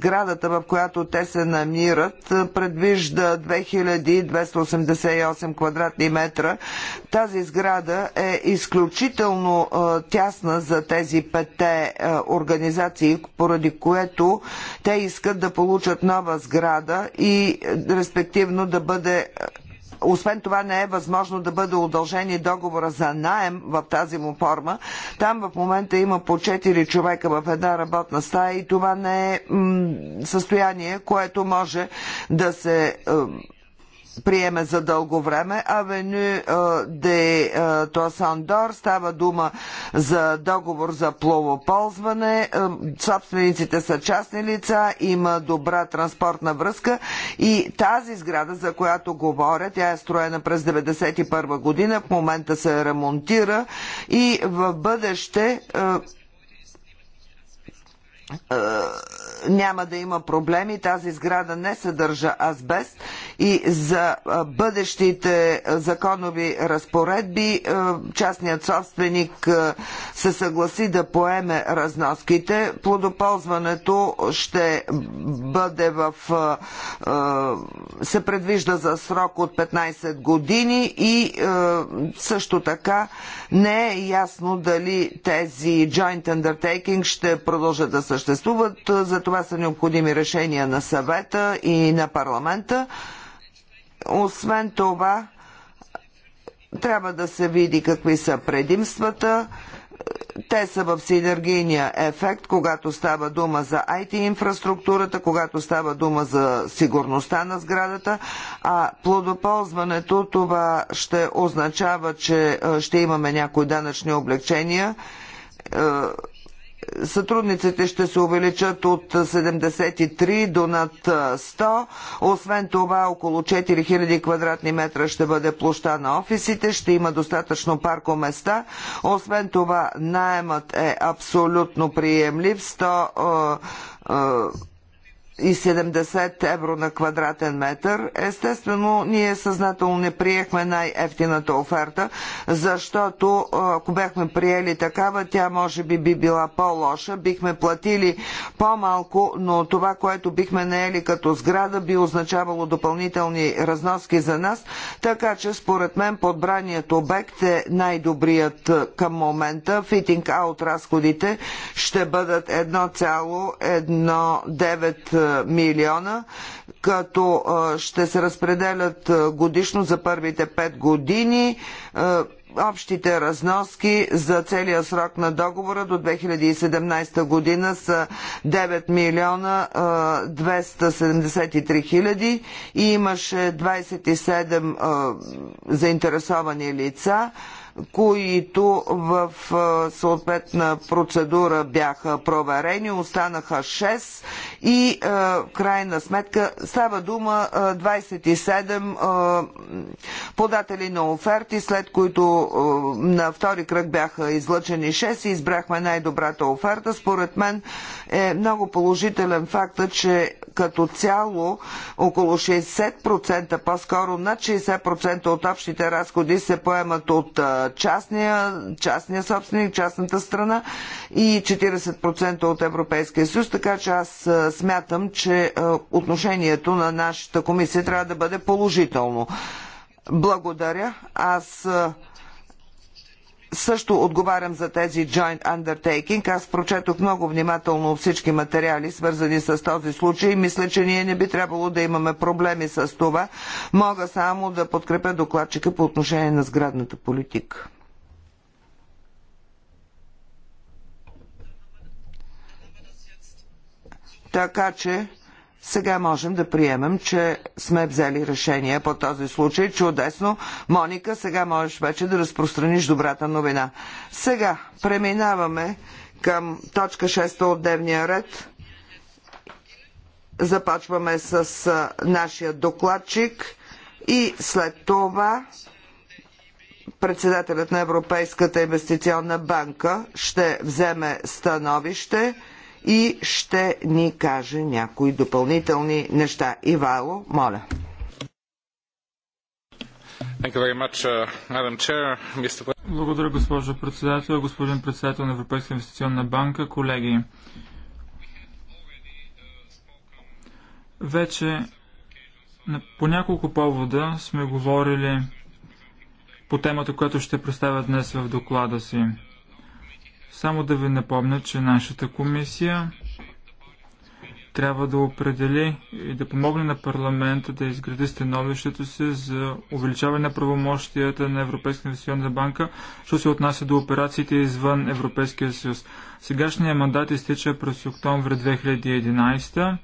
Градата, в която те се намират, предвижда 2288 квадратни метра. Тази сграда е изключително тясна за тези пете организации, поради което те искат да получат нова сграда и респективно да бъде освен това не е възможно да бъде удължен и договора за найем в тази му форма. Там в момента има по 4 човека в една работна стая и това не е състояние, което може да се приеме за дълго време. Авеню де Туасандор става дума за договор за пловоползване. Собствениците са частни лица, има добра транспортна връзка и тази сграда, за която говоря, тя е строена през 1991 година, в момента се ремонтира и в бъдеще няма да има проблеми. Тази сграда не съдържа азбест и за бъдещите законови разпоредби частният собственик се съгласи да поеме разноските. Плодоползването ще бъде в се предвижда за срок от 15 години и също така не е ясно дали тези joint undertaking ще продължат да съществуват. За това са необходими решения на съвета и на парламента. Освен това, трябва да се види какви са предимствата. Те са в синергийния ефект, когато става дума за IT инфраструктурата, когато става дума за сигурността на сградата, а плодоползването това ще означава, че ще имаме някои данъчни облегчения е, сътрудниците ще се увеличат от 73 до над 100. Освен това, около 4000 квадратни метра ще бъде площа на офисите, ще има достатъчно паркоместа. Освен това, найемът е абсолютно приемлив. 100 и 70 евро на квадратен метър. Естествено, ние съзнателно не приехме най-ефтината оферта, защото ако бяхме приели такава, тя може би би била по-лоша. Бихме платили по-малко, но това, което бихме наели като сграда, би означавало допълнителни разноски за нас. Така че, според мен, подбраният обект е най-добрият към момента. Фитинг аут разходите ще бъдат 1,19 милиона, като ще се разпределят годишно за първите 5 години общите разноски за целия срок на договора до 2017 година са 9 милиона 273 хиляди и имаше 27 заинтересовани лица които в съответна процедура бяха проверени, останаха 6 и в крайна сметка става дума 27 податели на оферти, след които на втори кръг бяха излъчени 6 и избрахме най-добрата оферта. Според мен е много положителен факта, че като цяло около 60% по-скоро над 60% от общите разходи се поемат от частния, частния собственик, частната страна и 40% от Европейския съюз, така че аз смятам, че отношението на нашата комисия трябва да бъде положително. Благодаря. Аз също отговарям за тези joint undertaking. Аз прочетох много внимателно всички материали, свързани с този случай. Мисля, че ние не би трябвало да имаме проблеми с това. Мога само да подкрепя докладчика по отношение на сградната политика. Така че сега можем да приемем, че сме взели решение по този случай. Чудесно. Моника, сега можеш вече да разпространиш добрата новина. Сега преминаваме към точка 6 от дневния ред. Започваме с нашия докладчик и след това председателят на Европейската инвестиционна банка ще вземе становище и ще ни каже някои допълнителни неща. Ивайло, моля. Uh, Благодаря, госпожо председател, господин председател на Европейска инвестиционна банка, колеги. Вече по няколко повода сме говорили по темата, която ще представя днес в доклада си. Само да ви напомня, че нашата комисия трябва да определи и да помогне на парламента да изгради становището си за увеличаване на правомощията на Европейска инвестиционна банка, що се отнася до операциите извън Европейския съюз. Сегашният мандат изтича през октомври 2011.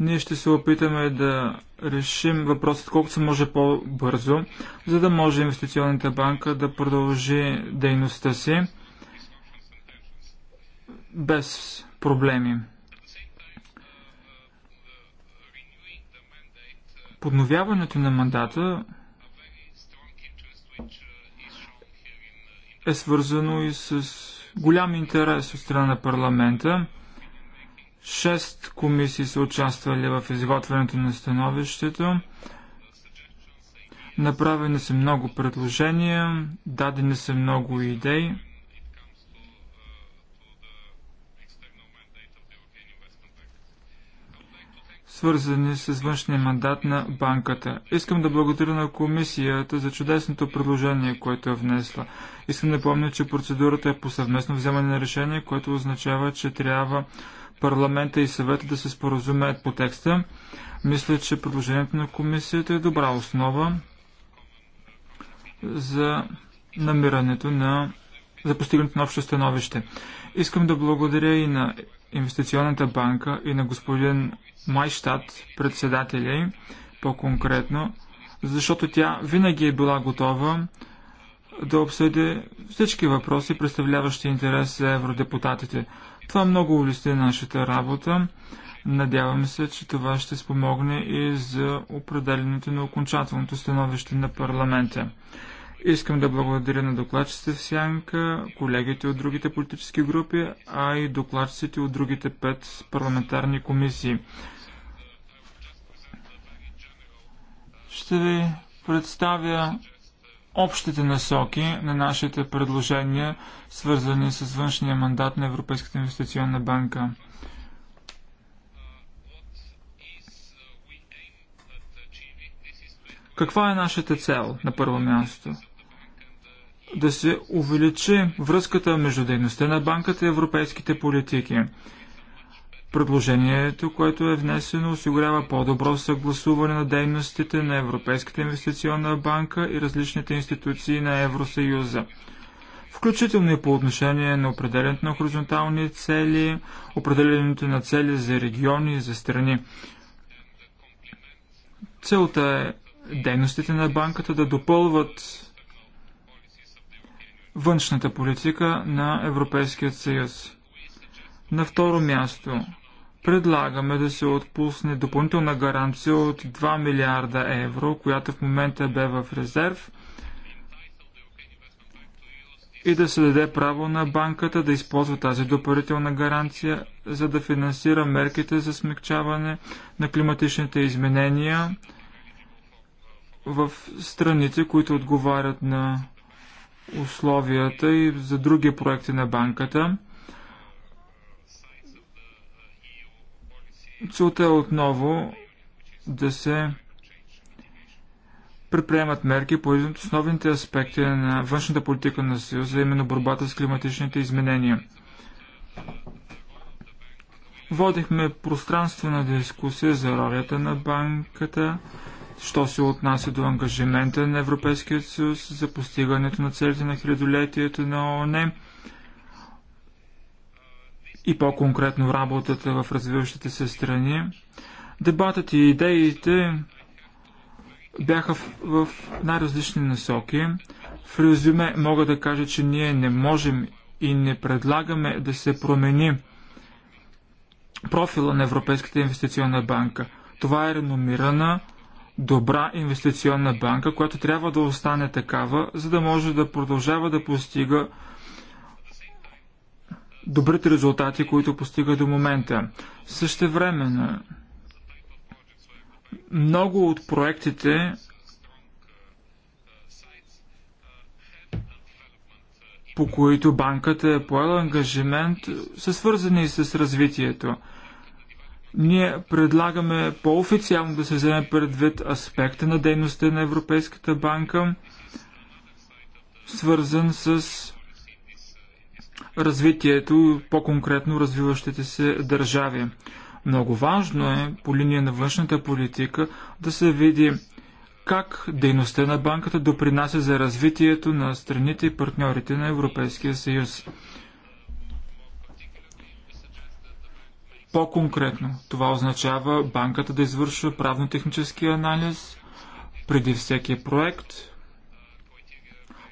Ние ще се опитаме да решим въпросът колкото се може по-бързо, за да може инвестиционната банка да продължи дейността си без проблеми. Подновяването на мандата е свързано и с голям интерес от страна на парламента. Шест комисии са участвали в изготвянето на становището. Направени са много предложения, дадени са много идеи. свързани с външния мандат на банката. Искам да благодаря на комисията за чудесното предложение, което е внесла. Искам да помня, че процедурата е по съвместно вземане на решение, което означава, че трябва парламента и съвета да се споразумеят по текста. Мисля, че предложението на комисията е добра основа за намирането на за постигането на общо становище. Искам да благодаря и на Инвестиционната банка и на господин Майштат, председателя й, по-конкретно, защото тя винаги е била готова да обсъди всички въпроси, представляващи интерес за евродепутатите. Това много улесни нашата работа. Надяваме се, че това ще спомогне и за определенето на окончателното становище на парламента. Искам да благодаря на докладчите в Сянка, колегите от другите политически групи, а и докладчите от другите пет парламентарни комисии. Ще ви представя общите насоки на нашите предложения, свързани с външния мандат на Европейската инвестиционна банка. Каква е нашата цел на първо място? Да се увеличи връзката между дейността на банката и европейските политики. Предложението, което е внесено, осигурява по-добро съгласуване на дейностите на Европейската инвестиционна банка и различните институции на Евросъюза. Включително и по отношение на определенето на хоризонтални цели, определенето на цели за региони и за страни. Целта е дейностите на банката да допълват външната политика на Европейския съюз. На второ място, предлагаме да се отпусне допълнителна гаранция от 2 милиарда евро, която в момента бе в резерв и да се даде право на банката да използва тази допълнителна гаранция, за да финансира мерките за смягчаване на климатичните изменения в страните, които отговарят на условията и за други проекти на банката. Целта е отново да се предприемат мерки по един от основните аспекти на външната политика на Съюза, именно борбата с климатичните изменения. Водихме пространствена дискусия за ролята на банката, що се отнася до ангажимента на Европейския съюз за постигането на целите на хилядолетието на ООН и по-конкретно работата в развиващите се страни. Дебатът и идеите бяха в, в най-различни насоки. В резюме мога да кажа, че ние не можем и не предлагаме да се промени профила на Европейската инвестиционна банка. Това е реномирана, добра инвестиционна банка, която трябва да остане такава, за да може да продължава да постига добрите резултати, които постига до момента. Също време, много от проектите по които банката е поела ангажимент, са свързани с развитието. Ние предлагаме по-официално да се вземе предвид аспекта на дейността на Европейската банка, свързан с развитието, по-конкретно развиващите се държави. Много важно е по линия на външната политика да се види как дейността на банката допринася за развитието на страните и партньорите на Европейския съюз. По-конкретно, това означава банката да извършва правно-технически анализ преди всеки проект,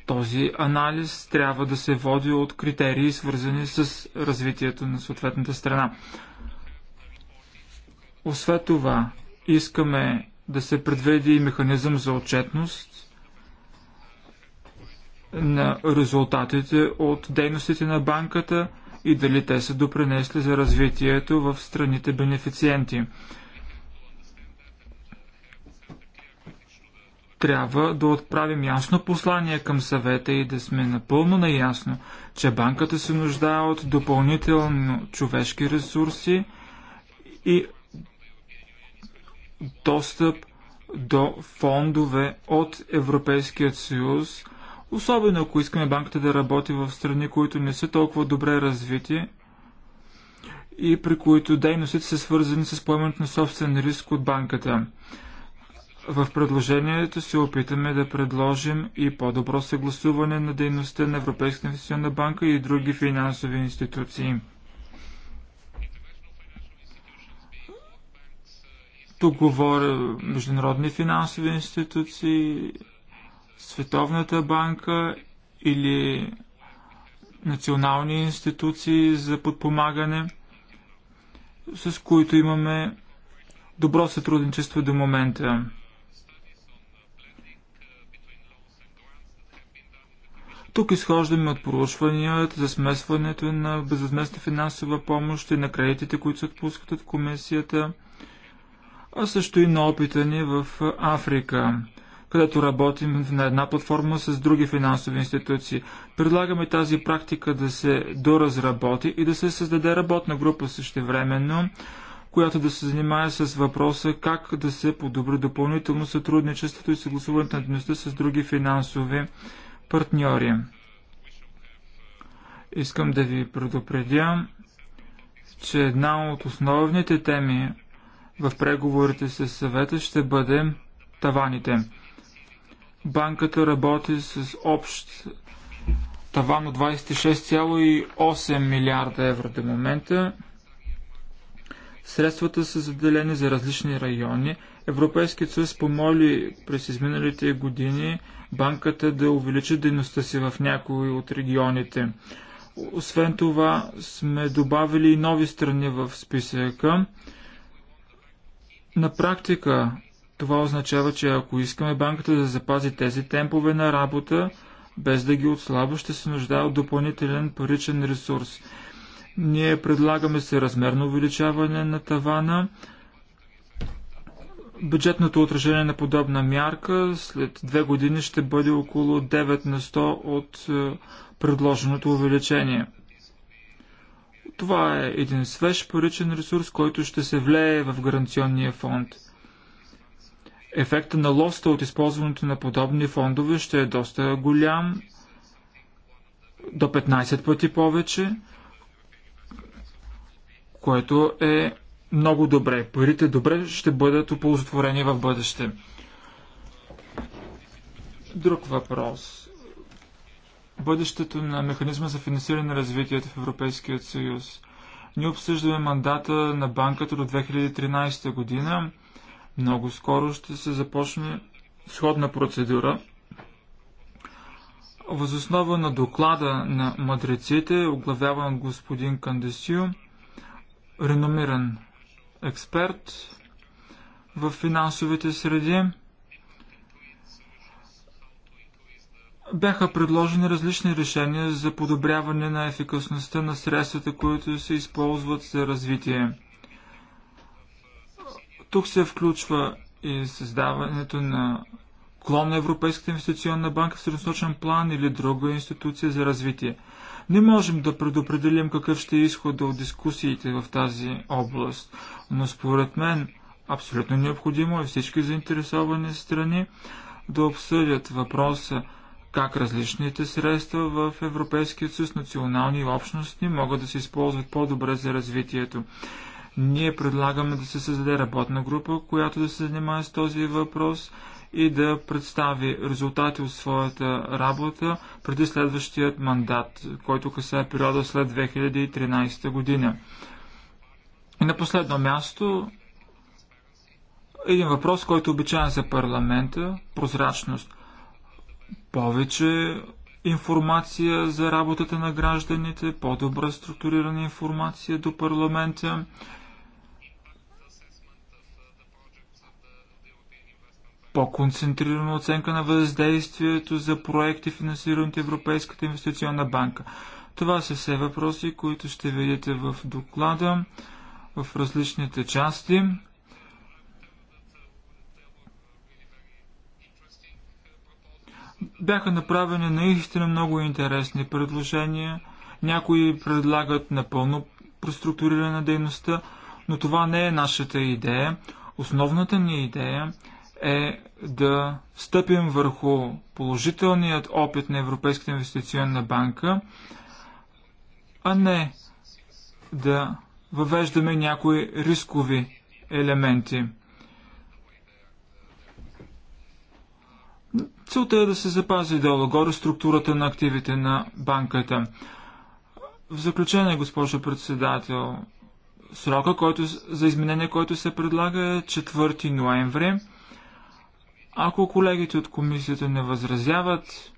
този анализ трябва да се води от критерии, свързани с развитието на съответната страна. Освен това, искаме да се предвиди механизъм за отчетност на резултатите от дейностите на банката и дали те са допринесли за развитието в страните бенефициенти. трябва да отправим ясно послание към съвета и да сме напълно наясно, че банката се нуждае от допълнително човешки ресурси и достъп до фондове от Европейският съюз, особено ако искаме банката да работи в страни, които не са толкова добре развити и при които дейностите са свързани с поемането на собствен риск от банката. В предложението се опитаме да предложим и по-добро съгласуване на дейността на Европейската инвестиционна банка и други финансови институции. Тук говоря международни финансови институции, Световната банка или национални институции за подпомагане, с които имаме добро сътрудничество до момента. Тук изхождаме от проучванията за смесването на безвъзместна финансова помощ и на кредитите, които се отпускат от комисията, а също и на опита ни в Африка където работим на една платформа с други финансови институции. Предлагаме тази практика да се доразработи и да се създаде работна група същевременно, която да се занимае с въпроса как да се подобри допълнително сътрудничеството и съгласуването на дейността с други финансови институции партньори. Искам да ви предупредя, че една от основните теми в преговорите с съвета ще бъде таваните. Банката работи с общ таван от 26,8 милиарда евро до момента. Средствата са заделени за различни райони. Европейският съюз помоли през изминалите години банката да увеличи дейността си в някои от регионите. Освен това сме добавили и нови страни в списъка. На практика това означава, че ако искаме банката да запази тези темпове на работа, без да ги отслабва, ще се нуждае от допълнителен паричен ресурс. Ние предлагаме се размерно увеличаване на тавана, Бюджетното отражение на подобна мярка след две години ще бъде около 9 на 100 от е, предложеното увеличение. Това е един свеж паричен ресурс, който ще се влее в гаранционния фонд. Ефекта на лоста от използването на подобни фондове ще е доста голям, до 15 пъти повече, което е много добре. Парите добре ще бъдат оползотворени в бъдеще. Друг въпрос. Бъдещето на механизма за финансиране на развитието в Европейския съюз. Ние обсъждаме мандата на банката до 2013 година. Много скоро ще се започне сходна процедура. Възоснова на доклада на мадреците, оглавяван господин Кандесио, реномиран експерт в финансовите среди. Бяха предложени различни решения за подобряване на ефикасността на средствата, които се използват за развитие. Тук се включва и създаването на клон на Европейската инвестиционна банка в средносрочен план или друга институция за развитие. Не можем да предопределим какъв ще е изхода от дискусиите в тази област, но според мен абсолютно необходимо е всички заинтересовани страни да обсъдят въпроса как различните средства в Европейския съюз, национални и общности, могат да се използват по-добре за развитието. Ние предлагаме да се създаде работна група, която да се занимава с този въпрос и да представи резултати от своята работа преди следващият мандат, който касае периода след 2013 година. И на последно място, един въпрос, който е за парламента – прозрачност. Повече информация за работата на гражданите, по-добра структурирана информация до парламента – по-концентрирана оценка на въздействието за проекти, финансирани от Европейската инвестиционна банка. Това са все въпроси, които ще видите в доклада, в различните части. Бяха направени наистина много интересни предложения. Някои предлагат напълно преструктуриране на дейността, но това не е нашата идея. Основната ни идея е да стъпим върху положителният опит на Европейската инвестиционна банка, а не да въвеждаме някои рискови елементи. Целта е да се запази долу-горе структурата на активите на банката. В заключение, госпожо председател, срока който, за изменение, който се предлага е 4 ноември. Ако колегите от комисията не възразяват,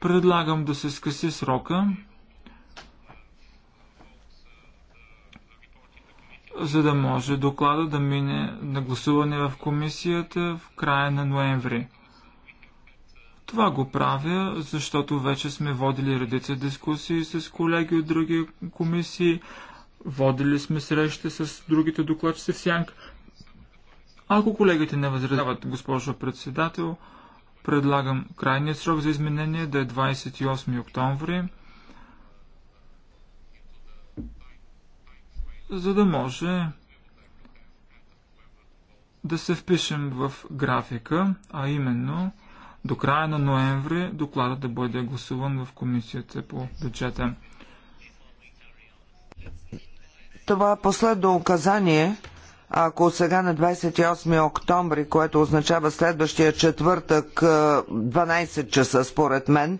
предлагам да се скъси срока, за да може доклада да мине на гласуване в комисията в края на ноември. Това го правя, защото вече сме водили редица дискусии с колеги от други комисии, водили сме срещи с другите докладчици в Сянка. Ако колегите не възразяват, госпожо председател, предлагам крайният срок за изменение да е 28 октомври, за да може да се впишем в графика, а именно до края на ноември докладът да бъде гласуван в комисията по бюджета. Това е последно указание ако сега на 28 октомври, което означава следващия четвъртък, 12 е, часа според мен,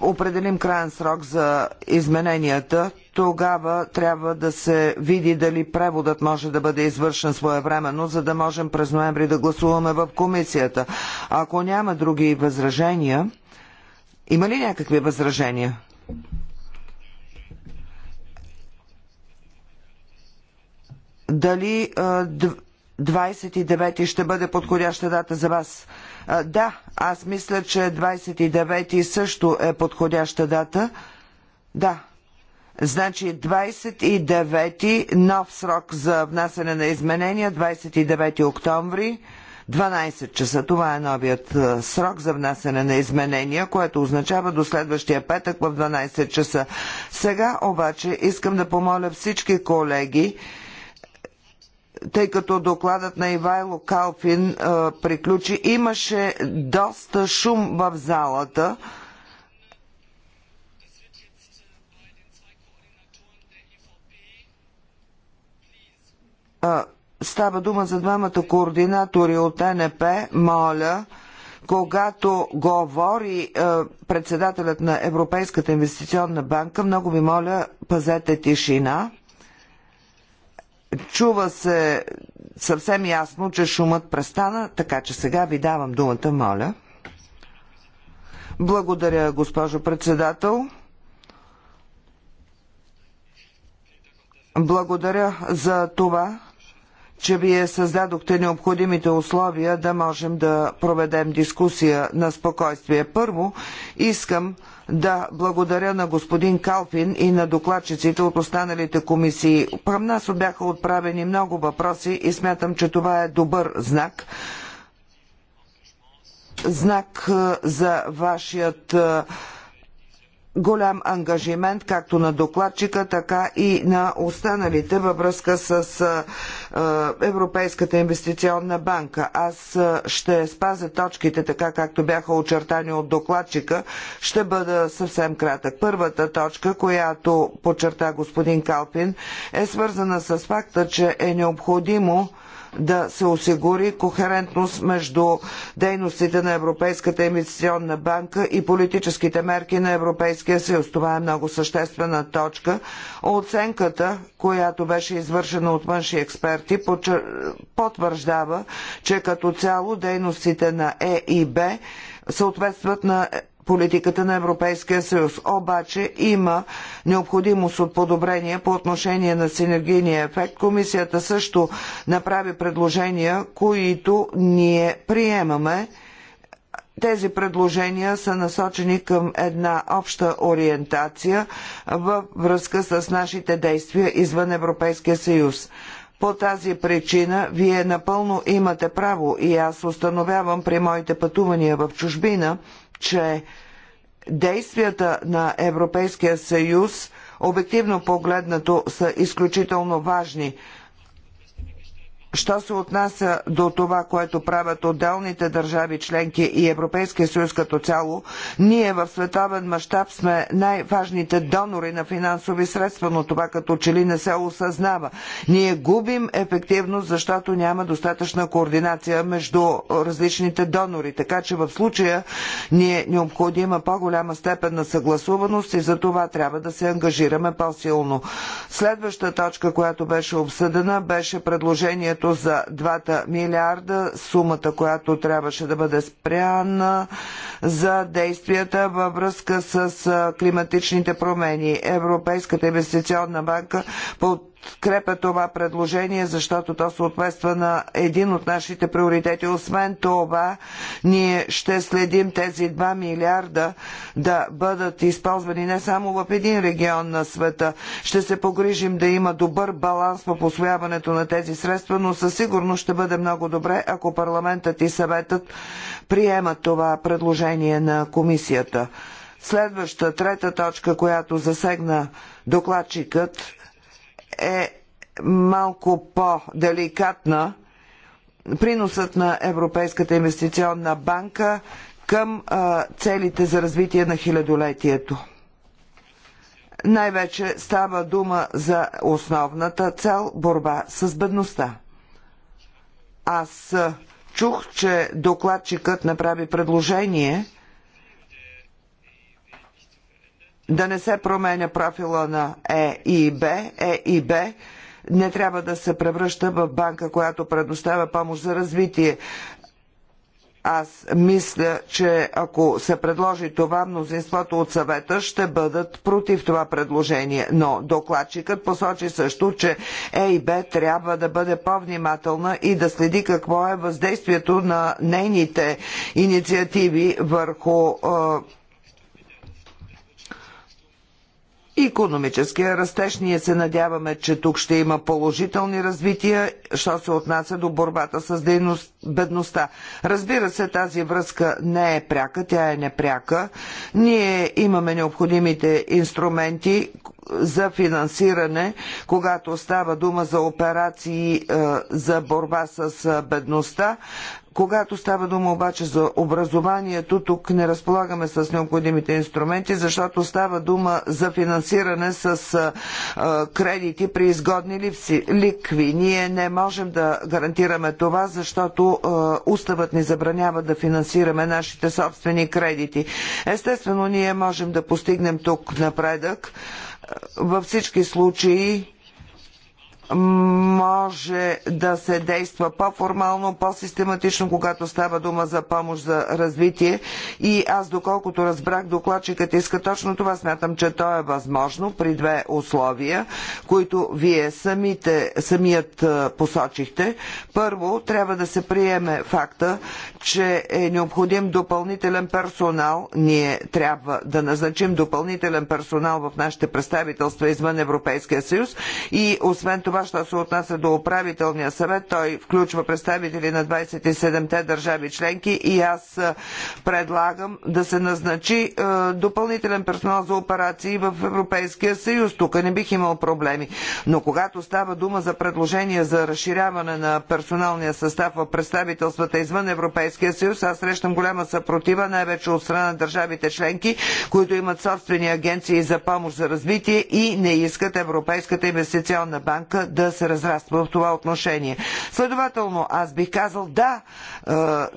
определим крайен срок за измененията, тогава трябва да се види дали преводът може да бъде извършен своевременно, за да можем през ноември да гласуваме в комисията. Ако няма други възражения, има ли някакви възражения? Дали 29 ще бъде подходяща дата за вас? Да, аз мисля, че 29 също е подходяща дата. Да. Значи 29 нов срок за внасяне на изменения, 29 октомври. 12 часа. Това е новият срок за внасяне на изменения, което означава до следващия петък в 12 часа. Сега обаче искам да помоля всички колеги, тъй като докладът на Ивайло Калфин е, приключи, имаше доста шум в залата. Е, става дума за двамата координатори от НП. Моля, когато говори е, председателят на Европейската инвестиционна банка, много ви моля, пазете тишина. Чува се съвсем ясно, че шумът престана, така че сега ви давам думата, моля. Благодаря, госпожо председател. Благодаря за това, че вие създадохте необходимите условия да можем да проведем дискусия на спокойствие. Първо, искам да благодаря на господин Калфин и на докладчиците от останалите комисии. Към нас бяха отправени много въпроси и смятам, че това е добър знак знак за вашият голям ангажимент както на докладчика, така и на останалите във връзка с Европейската инвестиционна банка. Аз ще спазя точките така, както бяха очертани от докладчика. Ще бъда съвсем кратък. Първата точка, която подчерта господин Калпин, е свързана с факта, че е необходимо да се осигури кохерентност между дейностите на Европейската инвестиционна банка и политическите мерки на Европейския съюз. Това е много съществена точка. Оценката, която беше извършена от външни експерти, потвърждава, че като цяло дейностите на Е и Б съответстват на политиката на Европейския съюз. Обаче има необходимост от подобрение по отношение на синергийния ефект. Комисията също направи предложения, които ние приемаме. Тези предложения са насочени към една обща ориентация във връзка с нашите действия извън Европейския съюз. По тази причина вие напълно имате право и аз установявам при моите пътувания в чужбина – че действията на Европейския съюз, обективно погледнато, са изключително важни, Що се отнася до това, което правят отделните държави членки и Европейския съюз като цяло, ние в световен мащаб сме най-важните донори на финансови средства, но това като че ли не се осъзнава. Ние губим ефективност, защото няма достатъчна координация между различните донори. Така че в случая ни е необходима по-голяма степен на съгласуваност и за това трябва да се ангажираме по-силно. Следваща точка, която беше обсъдена, беше предложението както за 2 милиарда, сумата, която трябваше да бъде спряна за действията във връзка с климатичните промени. Европейската инвестиционна банка по подкрепя това предложение, защото то съответства на един от нашите приоритети. Освен това, ние ще следим тези 2 милиарда да бъдат използвани не само в един регион на света. Ще се погрижим да има добър баланс по посвояването на тези средства, но със сигурност ще бъде много добре, ако парламентът и съветът приемат това предложение на комисията. Следваща, трета точка, която засегна докладчикът, е малко по-деликатна. Приносът на Европейската инвестиционна банка към целите за развитие на хилядолетието. Най-вече става дума за основната цел борба с бедността. Аз чух, че докладчикът направи предложение – да не се променя профила на Е и Б. Е и Б не трябва да се превръща в банка, която предоставя помощ за развитие. Аз мисля, че ако се предложи това, мнозинството от съвета ще бъдат против това предложение. Но докладчикът посочи също, че ЕИБ трябва да бъде по-внимателна и да следи какво е въздействието на нейните инициативи върху е, Икономическия растеж. Ние се надяваме, че тук ще има положителни развития, що се отнася до борбата с дейност, бедността. Разбира се, тази връзка не е пряка, тя е непряка. Ние имаме необходимите инструменти, за финансиране, когато става дума за операции е, за борба с е, бедността. Когато става дума обаче за образованието, тук не разполагаме с необходимите инструменти, защото става дума за финансиране с е, кредити при изгодни липси, ликви. Ние не можем да гарантираме това, защото уставът ни забранява да финансираме нашите собствени кредити. Естествено, ние можем да постигнем тук напредък във всички случаи може да се действа по-формално, по-систематично, когато става дума за помощ за развитие. И аз, доколкото разбрах, докладчикът иска точно това. Смятам, че то е възможно при две условия, които вие самите, самият посочихте. Първо, трябва да се приеме факта, че е необходим допълнителен персонал. Ние трябва да назначим допълнителен персонал в нашите представителства извън Европейския съюз. И освен това, що се отнася до управителния съвет, той включва представители на 27-те държави членки и аз е, предлагам да се назначи е, допълнителен персонал за операции в Европейския съюз. Тук не бих имал проблеми. Но когато става дума за предложение за разширяване на персоналния състав в представителствата извън Европейския съюз, аз срещам голяма съпротива, най-вече от страна на държавите членки, които имат собствени агенции за помощ за развитие и не искат Европейската инвестиционна банка да се разраства в това отношение. Следователно, аз бих казал да е,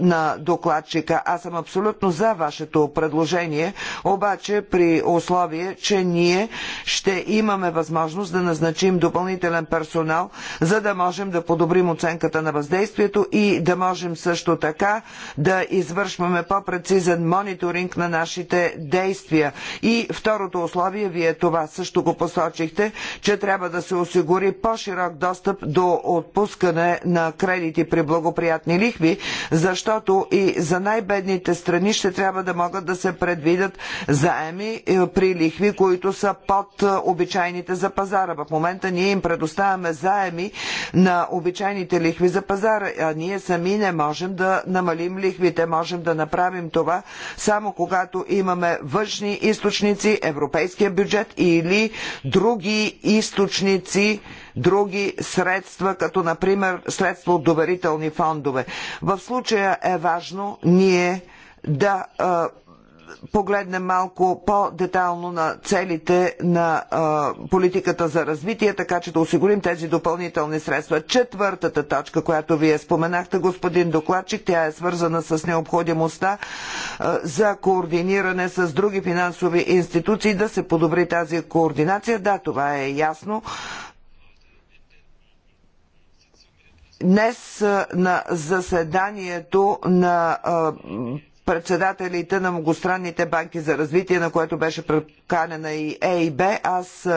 на докладчика. Аз съм абсолютно за вашето предложение, обаче при условие, че ние ще имаме възможност да назначим допълнителен персонал, за да можем да подобрим оценката на въздействието и да можем също така да извършваме по-прецизен мониторинг на нашите действия. И второто условие, вие това също го посочихте, че трябва да се осигури по по-широк достъп до отпускане на кредити при благоприятни лихви, защото и за най-бедните страни ще трябва да могат да се предвидят заеми е, при лихви, които са под е, обичайните за пазара. В момента ние им предоставяме заеми на обичайните лихви за пазара, а ние сами не можем да намалим лихвите. Можем да направим това само когато имаме външни източници, европейския бюджет или други източници други средства, като например средства от доверителни фондове. В случая е важно ние да погледнем малко по-детално на целите на а, политиката за развитие, така че да осигурим тези допълнителни средства. Четвъртата точка, която вие споменахте, господин докладчик, тя е свързана с необходимостта а, за координиране с други финансови институции да се подобри тази координация. Да, това е ясно. Днес на заседанието на председателите на многостранните банки за развитие, на което беше преканена и ЕИБ, аз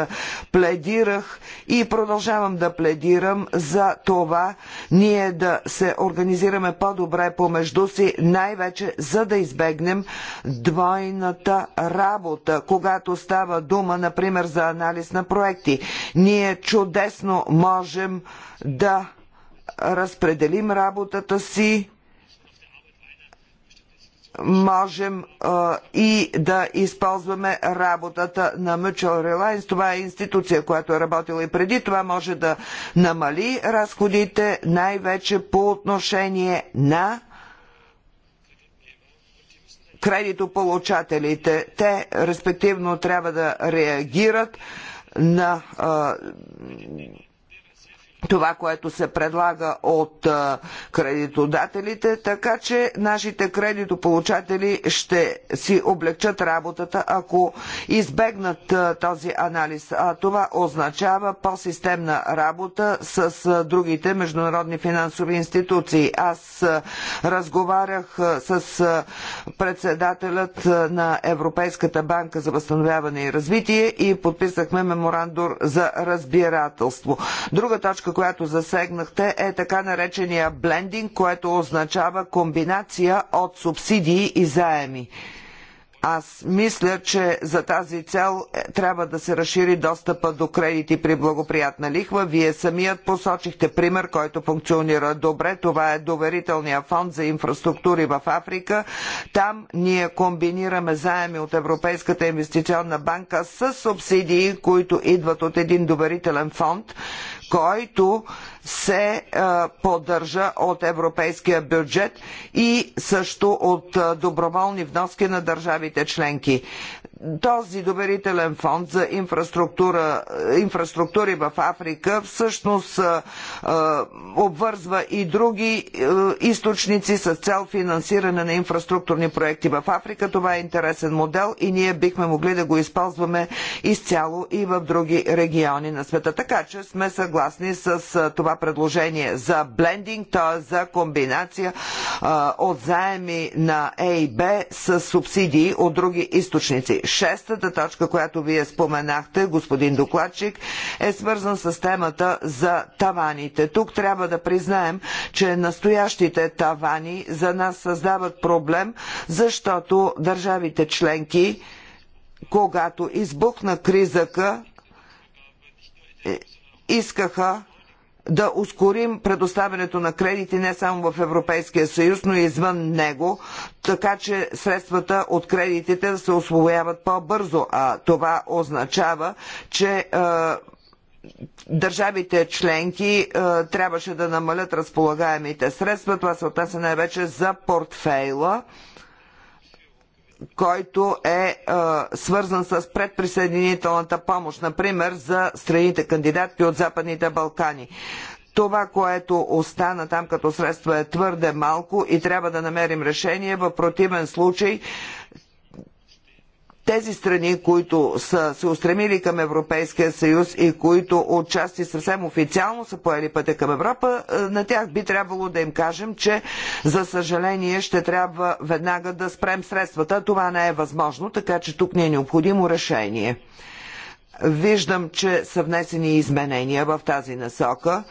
пледирах и продължавам да пледирам за това ние да се организираме по-добре помежду си, най-вече за да избегнем двойната работа, когато става дума, например, за анализ на проекти. Ние чудесно можем да разпределим работата си, можем а, и да използваме работата на Mutual Reliance. Това е институция, която е работила и преди. Това може да намали разходите най-вече по отношение на кредитополучателите. Те, респективно, трябва да реагират на а, това, което се предлага от кредитодателите, така че нашите кредитополучатели ще си облегчат работата, ако избегнат този анализ. А това означава по-системна работа с другите международни финансови институции. Аз разговарях с председателят на Европейската банка за възстановяване и развитие и подписахме меморандум за разбирателство. Друга точка, точка, която засегнахте, е така наречения блендинг, което означава комбинация от субсидии и заеми. Аз мисля, че за тази цел е, трябва да се разшири достъпа до кредити при благоприятна лихва. Вие самият посочихте пример, който функционира добре. Това е доверителния фонд за инфраструктури в Африка. Там ние комбинираме заеми от Европейската инвестиционна банка с субсидии, които идват от един доверителен фонд, който се е, поддържа от европейския бюджет и също от е, доброволни вноски на държавите членки този доверителен фонд за инфраструктура, инфраструктури в Африка всъщност обвързва и други източници с цел финансиране на инфраструктурни проекти в Африка. Това е интересен модел и ние бихме могли да го използваме изцяло и в други региони на света. Така че сме съгласни с това предложение за блендинг, т.е. за комбинация от заеми на Е и Б с субсидии от други източници шестата точка, която вие споменахте, господин докладчик, е свързан с темата за таваните. Тук трябва да признаем, че настоящите тавани за нас създават проблем, защото държавите членки, когато избухна кризъка, е, искаха да ускорим предоставянето на кредити не само в Европейския съюз, но и извън него, така че средствата от кредитите да се освояват по-бързо. А това означава, че държавите членки е, трябваше да намалят разполагаемите средства. Това се отнася най-вече за портфейла който е, е свързан с предприсъединителната помощ, например за страните кандидатки от Западните Балкани. Това, което остана там като средство е твърде малко и трябва да намерим решение. В противен случай тези страни, които са се устремили към Европейския съюз и които отчасти съвсем официално са поели пътя към Европа, е, на тях би трябвало да им кажем, че за съжаление ще трябва веднага да спрем средствата. Това не е възможно, така че тук не е необходимо решение. Виждам, че са внесени изменения в тази насока.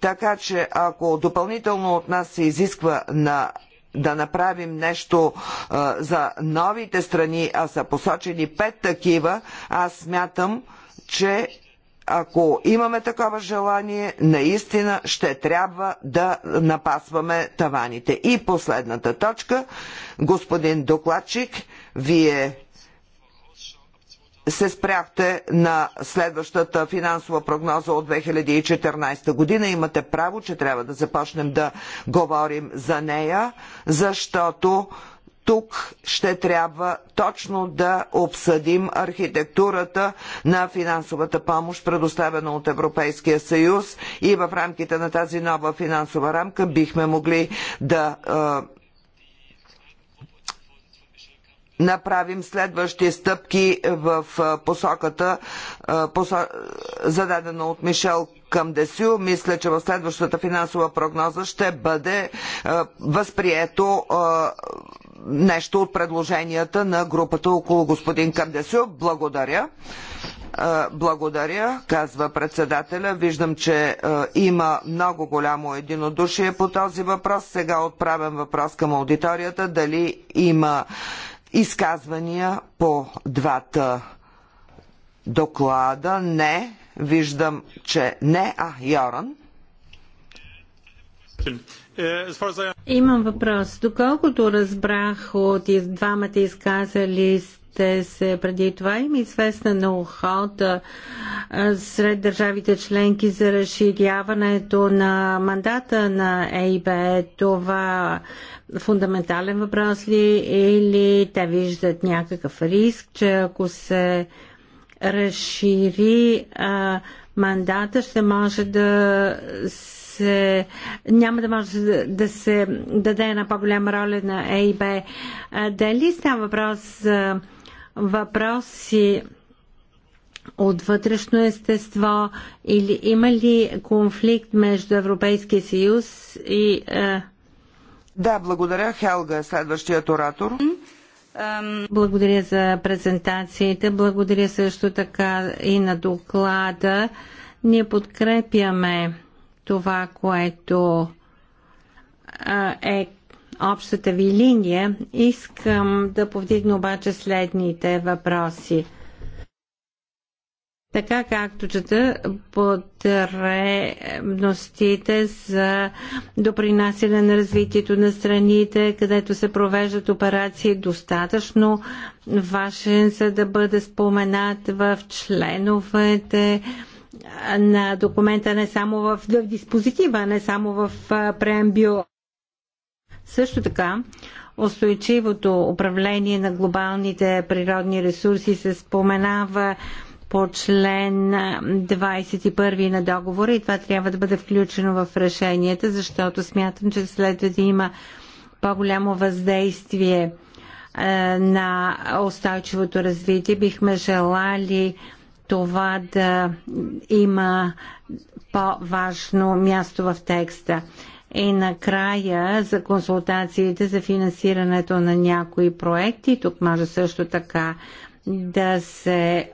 Така че ако допълнително от нас се изисква на да направим нещо а, за новите страни, а са посочени пет такива, аз смятам, че ако имаме такова желание, наистина ще трябва да напасваме таваните. И последната точка, господин докладчик, вие се спряхте на следващата финансова прогноза от 2014 година. Имате право, че трябва да започнем да говорим за нея, защото тук ще трябва точно да обсъдим архитектурата на финансовата помощ, предоставена от Европейския съюз и в рамките на тази нова финансова рамка бихме могли да е, направим следващи стъпки в посоката, зададена от Мишел към Десю. Мисля, че в следващата финансова прогноза ще бъде възприето нещо от предложенията на групата около господин Камдесю. Благодаря. Благодаря, казва председателя. Виждам, че има много голямо единодушие по този въпрос. Сега отправям въпрос към аудиторията. Дали има Изказвания по двата доклада? Не. Виждам, че не. А, Йоран. Имам въпрос. Доколкото разбрах от двамата изказали те се преди това има известна неохота сред държавите членки за разширяването на мандата на ЕИБ. Това фундаментален въпрос ли или те виждат някакъв риск, че ако се разшири а, мандата, ще може да се, няма да може да се даде една по-голяма роля на ЕИБ. Дали става въпрос за въпроси от вътрешно естество или има ли конфликт между Европейския съюз и. Е... Да, благодаря. Хелга, е следващият оратор. Благодаря за презентациите. Благодаря също така и на доклада. Ние подкрепяме това, което е, е общата ви линия. Искам да повдигна обаче следните въпроси. Така както чета потребностите за допринасяне на развитието на страните, където се провеждат операции, достатъчно важен, за да бъде споменат в членовете на документа не само в диспозитива, не само в преамбюла. Също така, устойчивото управление на глобалните природни ресурси се споменава по член 21 на договора и това трябва да бъде включено в решенията, защото смятам, че следва да има по-голямо въздействие е, на устойчивото развитие. Бихме желали това да има по-важно място в текста. И накрая за консултациите за финансирането на някои проекти. Тук може също така да се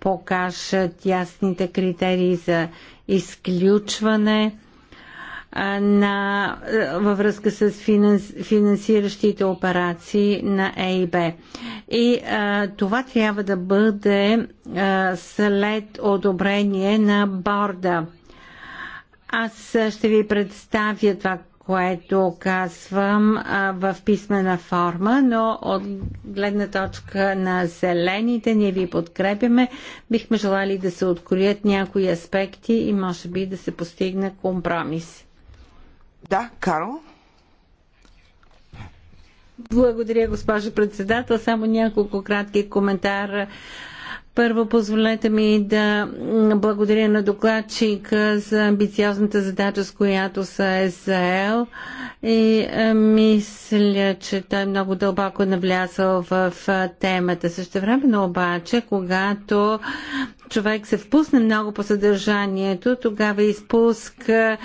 покажат ясните критерии за изключване на, е, във връзка с финанс, финансиращите операции на ЕИБ. И а, това трябва да бъде а, след одобрение на борда. Аз ще ви представя това, което казвам а, в писмена форма, но от гледна точка на зелените ние ви подкрепяме. Бихме желали да се откроят някои аспекти и може би да се постигне компромис. Да, Карл? Благодаря, госпожо председател. Само няколко кратки коментара първо позволете ми да благодаря на докладчика за амбициозната задача, с която се е заел и е, мисля, че той много дълбоко навлязал в е, темата. Също времено обаче, когато човек се впусне много по съдържанието, тогава изпуска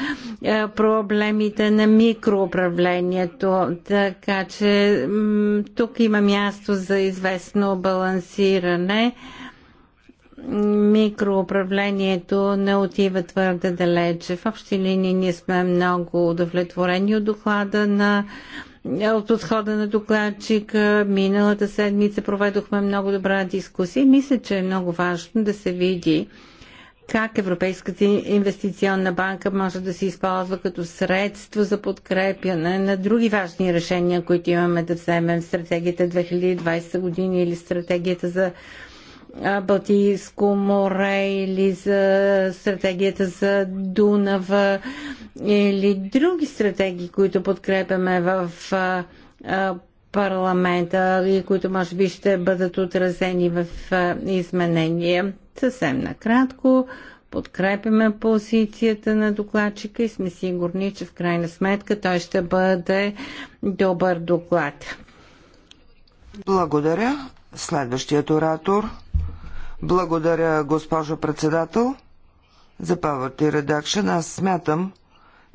е, проблемите на микроуправлението. Така че тук има място за известно балансиране микроуправлението не отива твърде далече. В общи линии ние сме много удовлетворени от доклада на от подхода на докладчика. Миналата седмица проведохме много добра дискусия. Мисля, че е много важно да се види как Европейската инвестиционна банка може да се използва като средство за подкрепяне на други важни решения, които имаме да вземем в стратегията 2020 години или стратегията за Балтийско море или за стратегията за Дунава или други стратегии, които подкрепяме в парламента и които може би ще бъдат отразени в изменения. Съвсем накратко подкрепяме позицията на докладчика и сме сигурни, че в крайна сметка той ще бъде добър доклад. Благодаря. Следващият оратор благодаря, госпожо председател. За Павърти Редакшен аз смятам,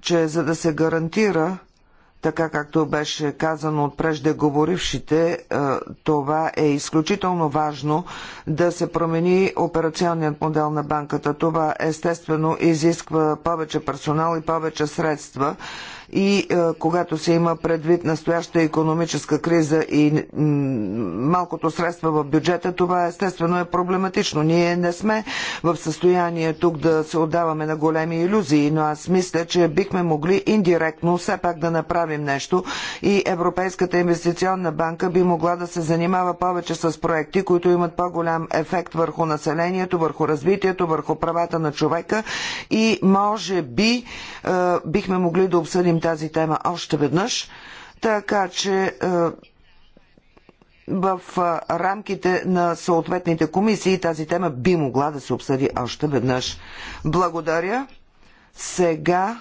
че за да се гарантира така както беше казано от преждеговорившите, е, това е изключително важно да се промени операционният модел на банката. Това естествено изисква повече персонал и повече средства и е, когато се има предвид настояща економическа криза и малкото средства в бюджета, това естествено е проблематично. Ние не сме в състояние тук да се отдаваме на големи иллюзии, но аз мисля, че бихме могли индиректно все пак да направим направим нещо и Европейската инвестиционна банка би могла да се занимава повече с проекти, които имат по-голям ефект върху населението, върху развитието, върху правата на човека и може би е, бихме могли да обсъдим тази тема още веднъж. Така че е, в е, рамките на съответните комисии тази тема би могла да се обсъди още веднъж. Благодаря. Сега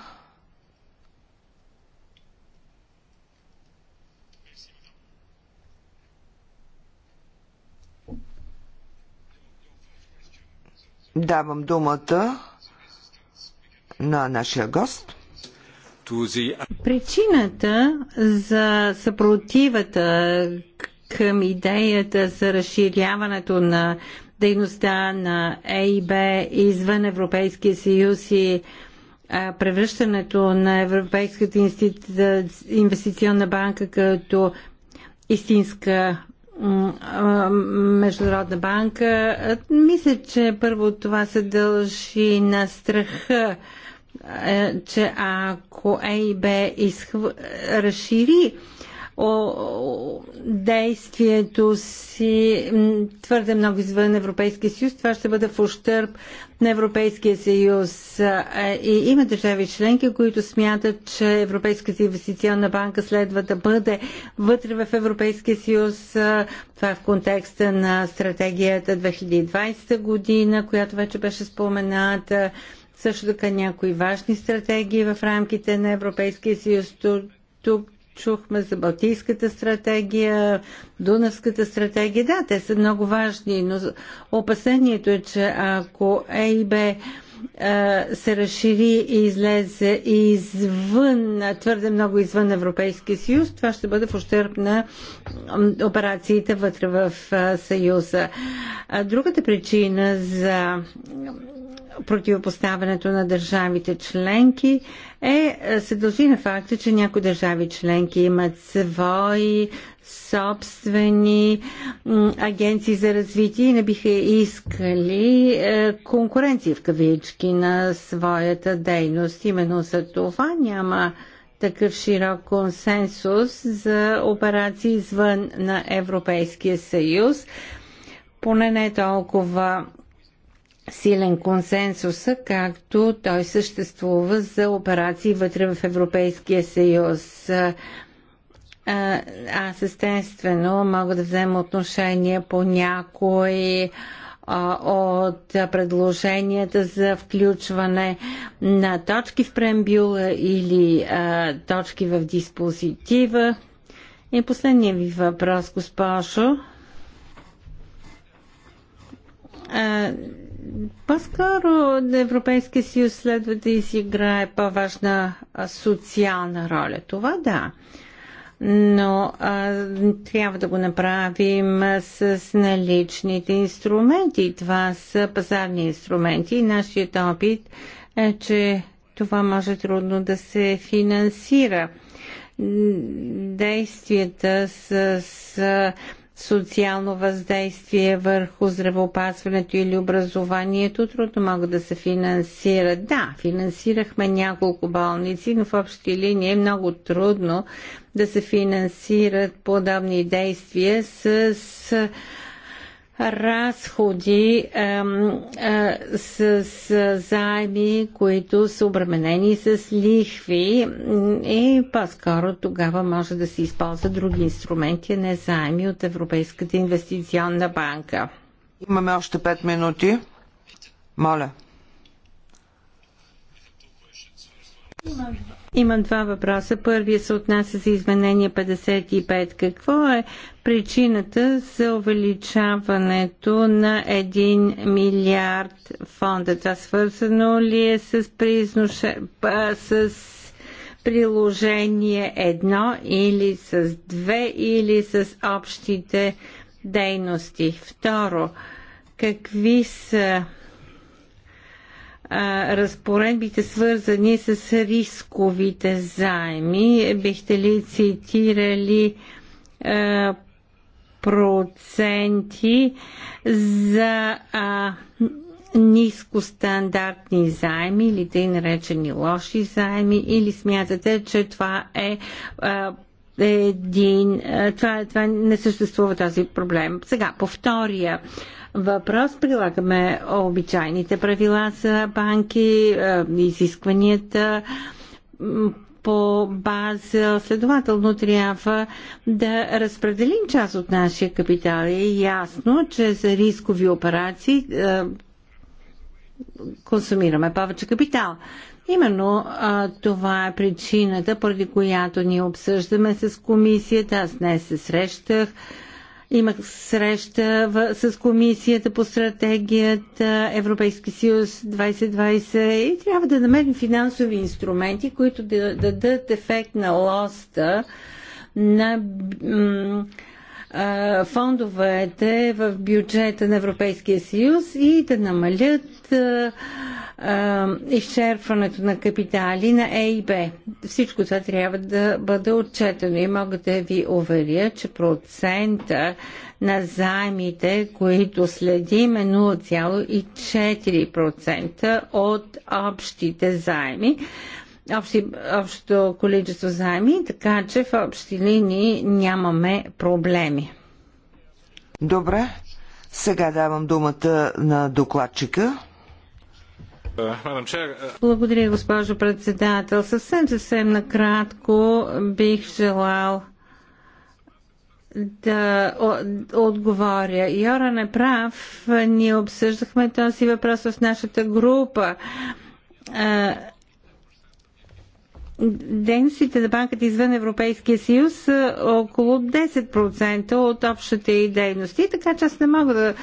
давам думата на нашия гост. Причината за съпротивата към идеята за разширяването на дейността на ЕИБ извън Европейския съюз и превръщането на Европейската инвестиционна банка като истинска Международна банка. Мисля, че първо това се дължи на страха, е, че ако ЕИБ изхв... разшири действието си твърде много извън Европейския съюз. Това ще бъде в ущърп на Европейския съюз. Е, и има държави членки, които смятат, че Европейската инвестиционна банка следва да бъде вътре в Европейския съюз. Това е в контекста на стратегията 2020 година, която вече беше спомената. Също така някои важни стратегии в рамките на Европейския съюз. Тук чухме за Балтийската стратегия, Дунавската стратегия. Да, те са много важни, но опасението е, че ако ЕИБ е, се разшири и излезе извън, твърде много извън Европейския съюз, това ще бъде в ущърп на операциите вътре в съюза. Другата причина за противопоставянето на държавите членки е, е, се дължи на факта, че някои държави членки имат свои собствени агенции за развитие и не биха искали е, конкуренции в кавички на своята дейност. Именно за това няма такъв широк консенсус за операции извън на Европейския съюз поне не толкова силен консенсус, както той съществува за операции вътре в Европейския съюз. Аз естествено мога да взема отношение по някои от предложенията за включване на точки в преамбюла или а, точки в диспозитива. И последния ви въпрос, госпожо. По-скоро Европейския съюз следва да изиграе по-важна социална роля. Това да но а, трябва да го направим с наличните инструменти. Това са пазарни инструменти и нашият опит е, че това може трудно да се финансира. Действията с, с социално въздействие върху здравеопазването или образованието трудно могат да се финансират. Да, финансирахме няколко болници, но в общи линии е много трудно да се финансират подобни действия с разходи с, с заеми, които са обременени с лихви и по-скоро тогава може да се използва други инструменти, не заеми от Европейската инвестиционна банка. Имаме още 5 минути. Моля. Имам два въпроса. Първият се отнася за изменение 55. Какво е причината за увеличаването на 1 милиард фонда? Това свързано ли е с, призноше... с приложение 1 или с 2 или с общите дейности? Второ, какви са разпоредбите свързани с рисковите заеми. Бихте ли цитирали а, проценти за а, нискостандартни заеми или тъй наречени лоши заеми или смятате, че това е а, един, а, това, това не съществува този проблем. Сега, по втория въпрос. Прилагаме обичайните правила за банки, е, изискванията по база. Следователно трябва да разпределим част от нашия капитал. Е ясно, че за рискови операции е, консумираме повече капитал. Именно а, това е причината, поради която ние обсъждаме с комисията. Аз днес се срещах Имах среща в, с комисията по стратегията Европейски съюз 2020 и трябва да намерим финансови инструменти, които да, да дадат ефект на лоста на фондовете в бюджета на Европейския съюз и да намалят изчерпването на капитали на е Б. Всичко това трябва да бъде отчетено и мога да ви уверя, че процента на заемите, които следим е 0,4% от общите заеми, общи, общото количество заеми, така че в общи линии нямаме проблеми. Добре, сега давам думата на докладчика. Благодаря, госпожо председател. Съвсем, съвсем накратко бих желал да отговоря. Йора е прав. Ние обсъждахме този въпрос в нашата група. Е, Дейностите на банката извън Европейския съюз са около 10% от общите и дейности, така че аз не мога да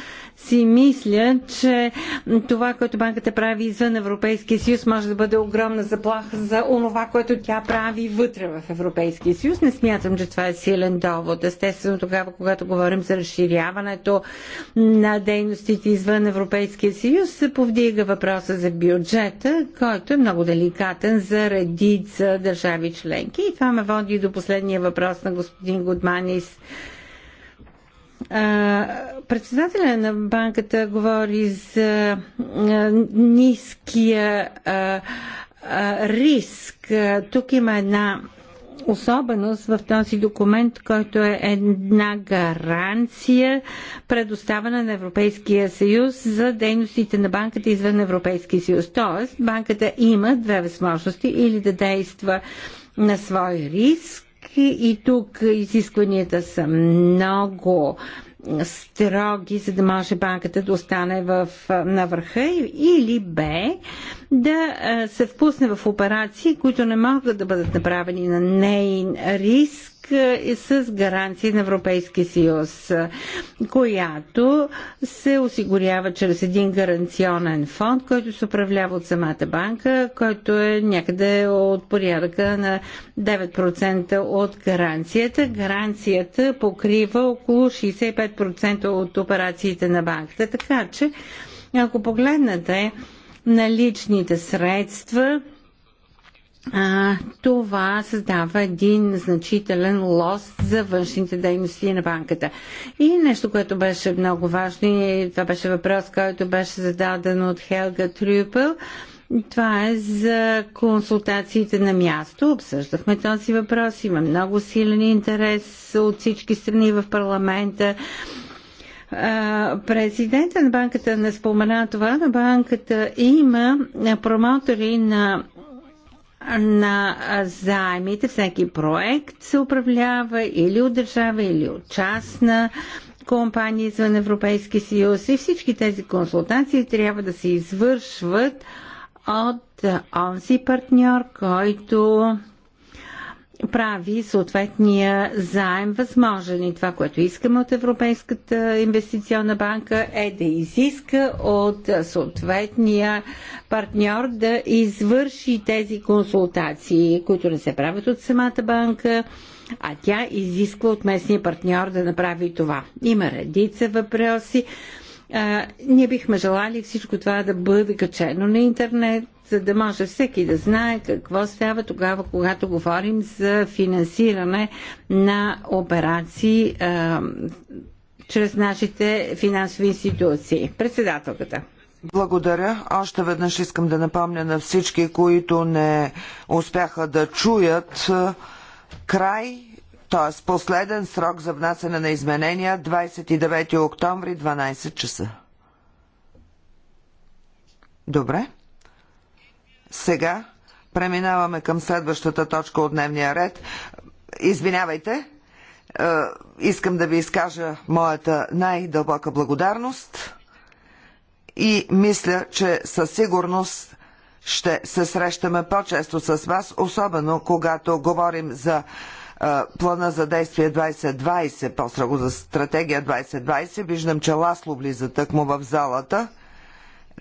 си мисля, че това, което банката прави извън Европейския съюз, може да бъде огромна заплаха за онова, което тя прави вътре в Европейския съюз. Не смятам, че това е силен довод. Естествено, тогава, когато говорим за разширяването на дейностите извън Европейския съюз, се повдига въпроса за бюджета, който е много деликатен за редица държави членки. И това ме води до последния въпрос на господин Гудманис Председателя на банката говори за ниския риск. Тук има една особеност в този документ, който е една гаранция, предоставена на Европейския съюз за дейностите на банката извън Европейския съюз. Тоест, банката има две възможности или да действа на свой риск, и тук изискванията са много строги, за да може банката да остане в, на върха или Б, да се впусне в операции, които не могат да бъдат направени на нейн риск е с гаранции на Европейския съюз, която се осигурява чрез един гаранционен фонд, който се управлява от самата банка, който е някъде от порядъка на 9% от гаранцията. Гаранцията покрива около 65% от операциите на банката. Така че, ако погледнете наличните средства, а, това създава един значителен лос за външните дейности на банката. И нещо, което беше много важно, и това беше въпрос, който беше зададен от Хелга Трюпел, това е за консултациите на място. Обсъждахме този въпрос. Има много силен интерес от всички страни в парламента. Президента на банката не спомена това, но банката има промотори на на заемите. Всеки проект се управлява или от държава, или от частна компания извън Европейски съюз и всички тези консултации трябва да се извършват от онзи партньор, който прави съответния заем възможен. И е това, което искаме от Европейската инвестиционна банка е да изиска от съответния партньор да извърши тези консултации, които не се правят от самата банка, а тя изисква от местния партньор да направи това. Има редица въпроси. А, ние бихме желали всичко това да бъде качено на интернет, за да може всеки да знае какво става тогава, когато говорим за финансиране на операции а, чрез нашите финансови институции. Председателката. Благодаря. Още веднъж искам да напомня на всички, които не успяха да чуят край, т.е. последен срок за внасяне на изменения 29 октомври 12 часа. Добре. Сега преминаваме към следващата точка от дневния ред. Извинявайте, е, искам да ви изкажа моята най-дълбока благодарност и мисля, че със сигурност ще се срещаме по-често с вас, особено когато говорим за е, плана за действие 2020, после го за стратегия 2020. Виждам, че Ласло влиза тъкмо в залата.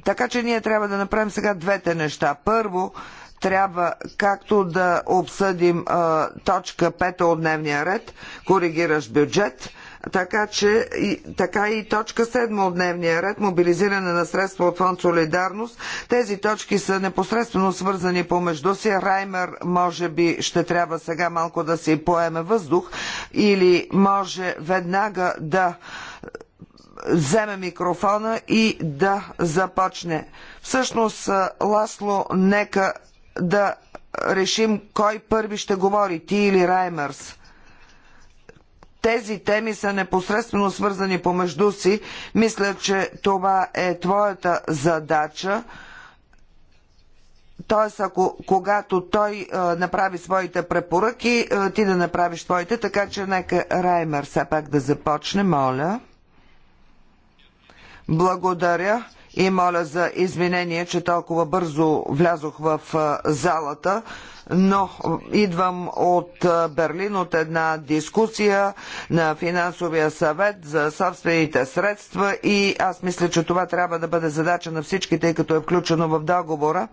Така че ние трябва да направим сега двете неща. Първо, трябва както да обсъдим а, точка 5 от дневния ред, коригираш бюджет, така, че, и, така и точка 7 от дневния ред, мобилизиране на средства от фонд Солидарност. Тези точки са непосредствено свързани помежду си. Раймер може би ще трябва сега малко да си поеме въздух или може веднага да вземе микрофона и да започне. Всъщност, Ласло, нека да решим кой първи ще говори, ти или Раймърс. Тези теми са непосредствено свързани помежду си. Мисля, че това е твоята задача. Т.е. ако когато той а, направи своите препоръки, а, ти да направиш твоите, така че нека Раймер все пак да започне, моля. Благодаря и моля за извинение, че толкова бързо влязох в залата, но идвам от Берлин от една дискусия на финансовия съвет за собствените средства и аз мисля, че това трябва да бъде задача на всички, тъй като е включено в договора.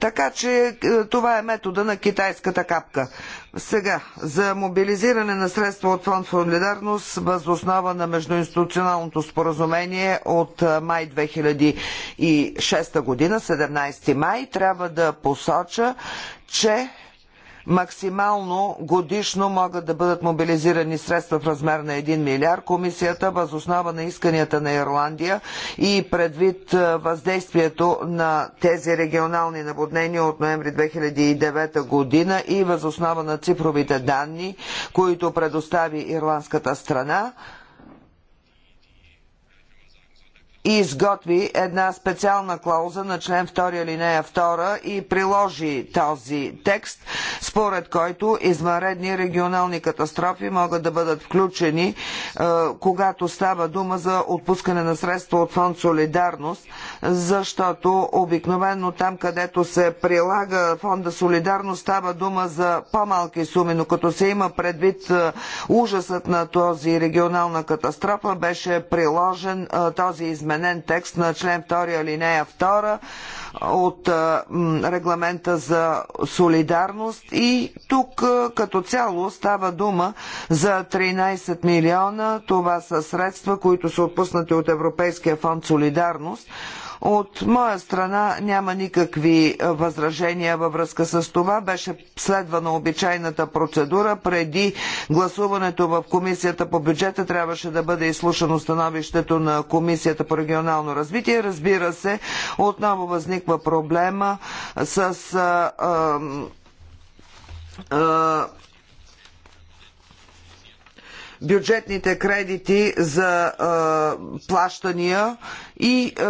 Така че това е метода на китайската капка. Сега, за мобилизиране на средства от фонд Солидарност въз основа на междуинституционалното споразумение от май 2006 година, 17 май, трябва да посоча, че Максимално годишно могат да бъдат мобилизирани средства в размер на 1 милиард. Комисията, възоснова на исканията на Ирландия и предвид е, въздействието на тези регионални наводнения от ноември 2009 година и възоснова на цифровите данни, които предостави ирландската страна, и изготви една специална клауза на член 2 алинея 2 и приложи този текст, според който извънредни регионални катастрофи могат да бъдат включени, е, когато става дума за отпускане на средства от фонд Солидарност защото обикновено там, където се прилага фонда Солидарност, става дума за по-малки суми, но като се има предвид е, ужасът на този регионална катастрофа, беше приложен е, този изменен текст на член 2 алинея 2 е, от регламента за солидарност и тук като цяло става дума за 13 милиона. Това са средства, които са отпуснати от Европейския фонд Солидарност от моя страна няма никакви е, възражения във връзка с това. Беше следвана обичайната процедура. Преди гласуването в Комисията по бюджета трябваше да бъде изслушано становището на Комисията по регионално развитие. Разбира се, отново възниква проблема с. А, а, а, бюджетните кредити за а, е, плащания и е,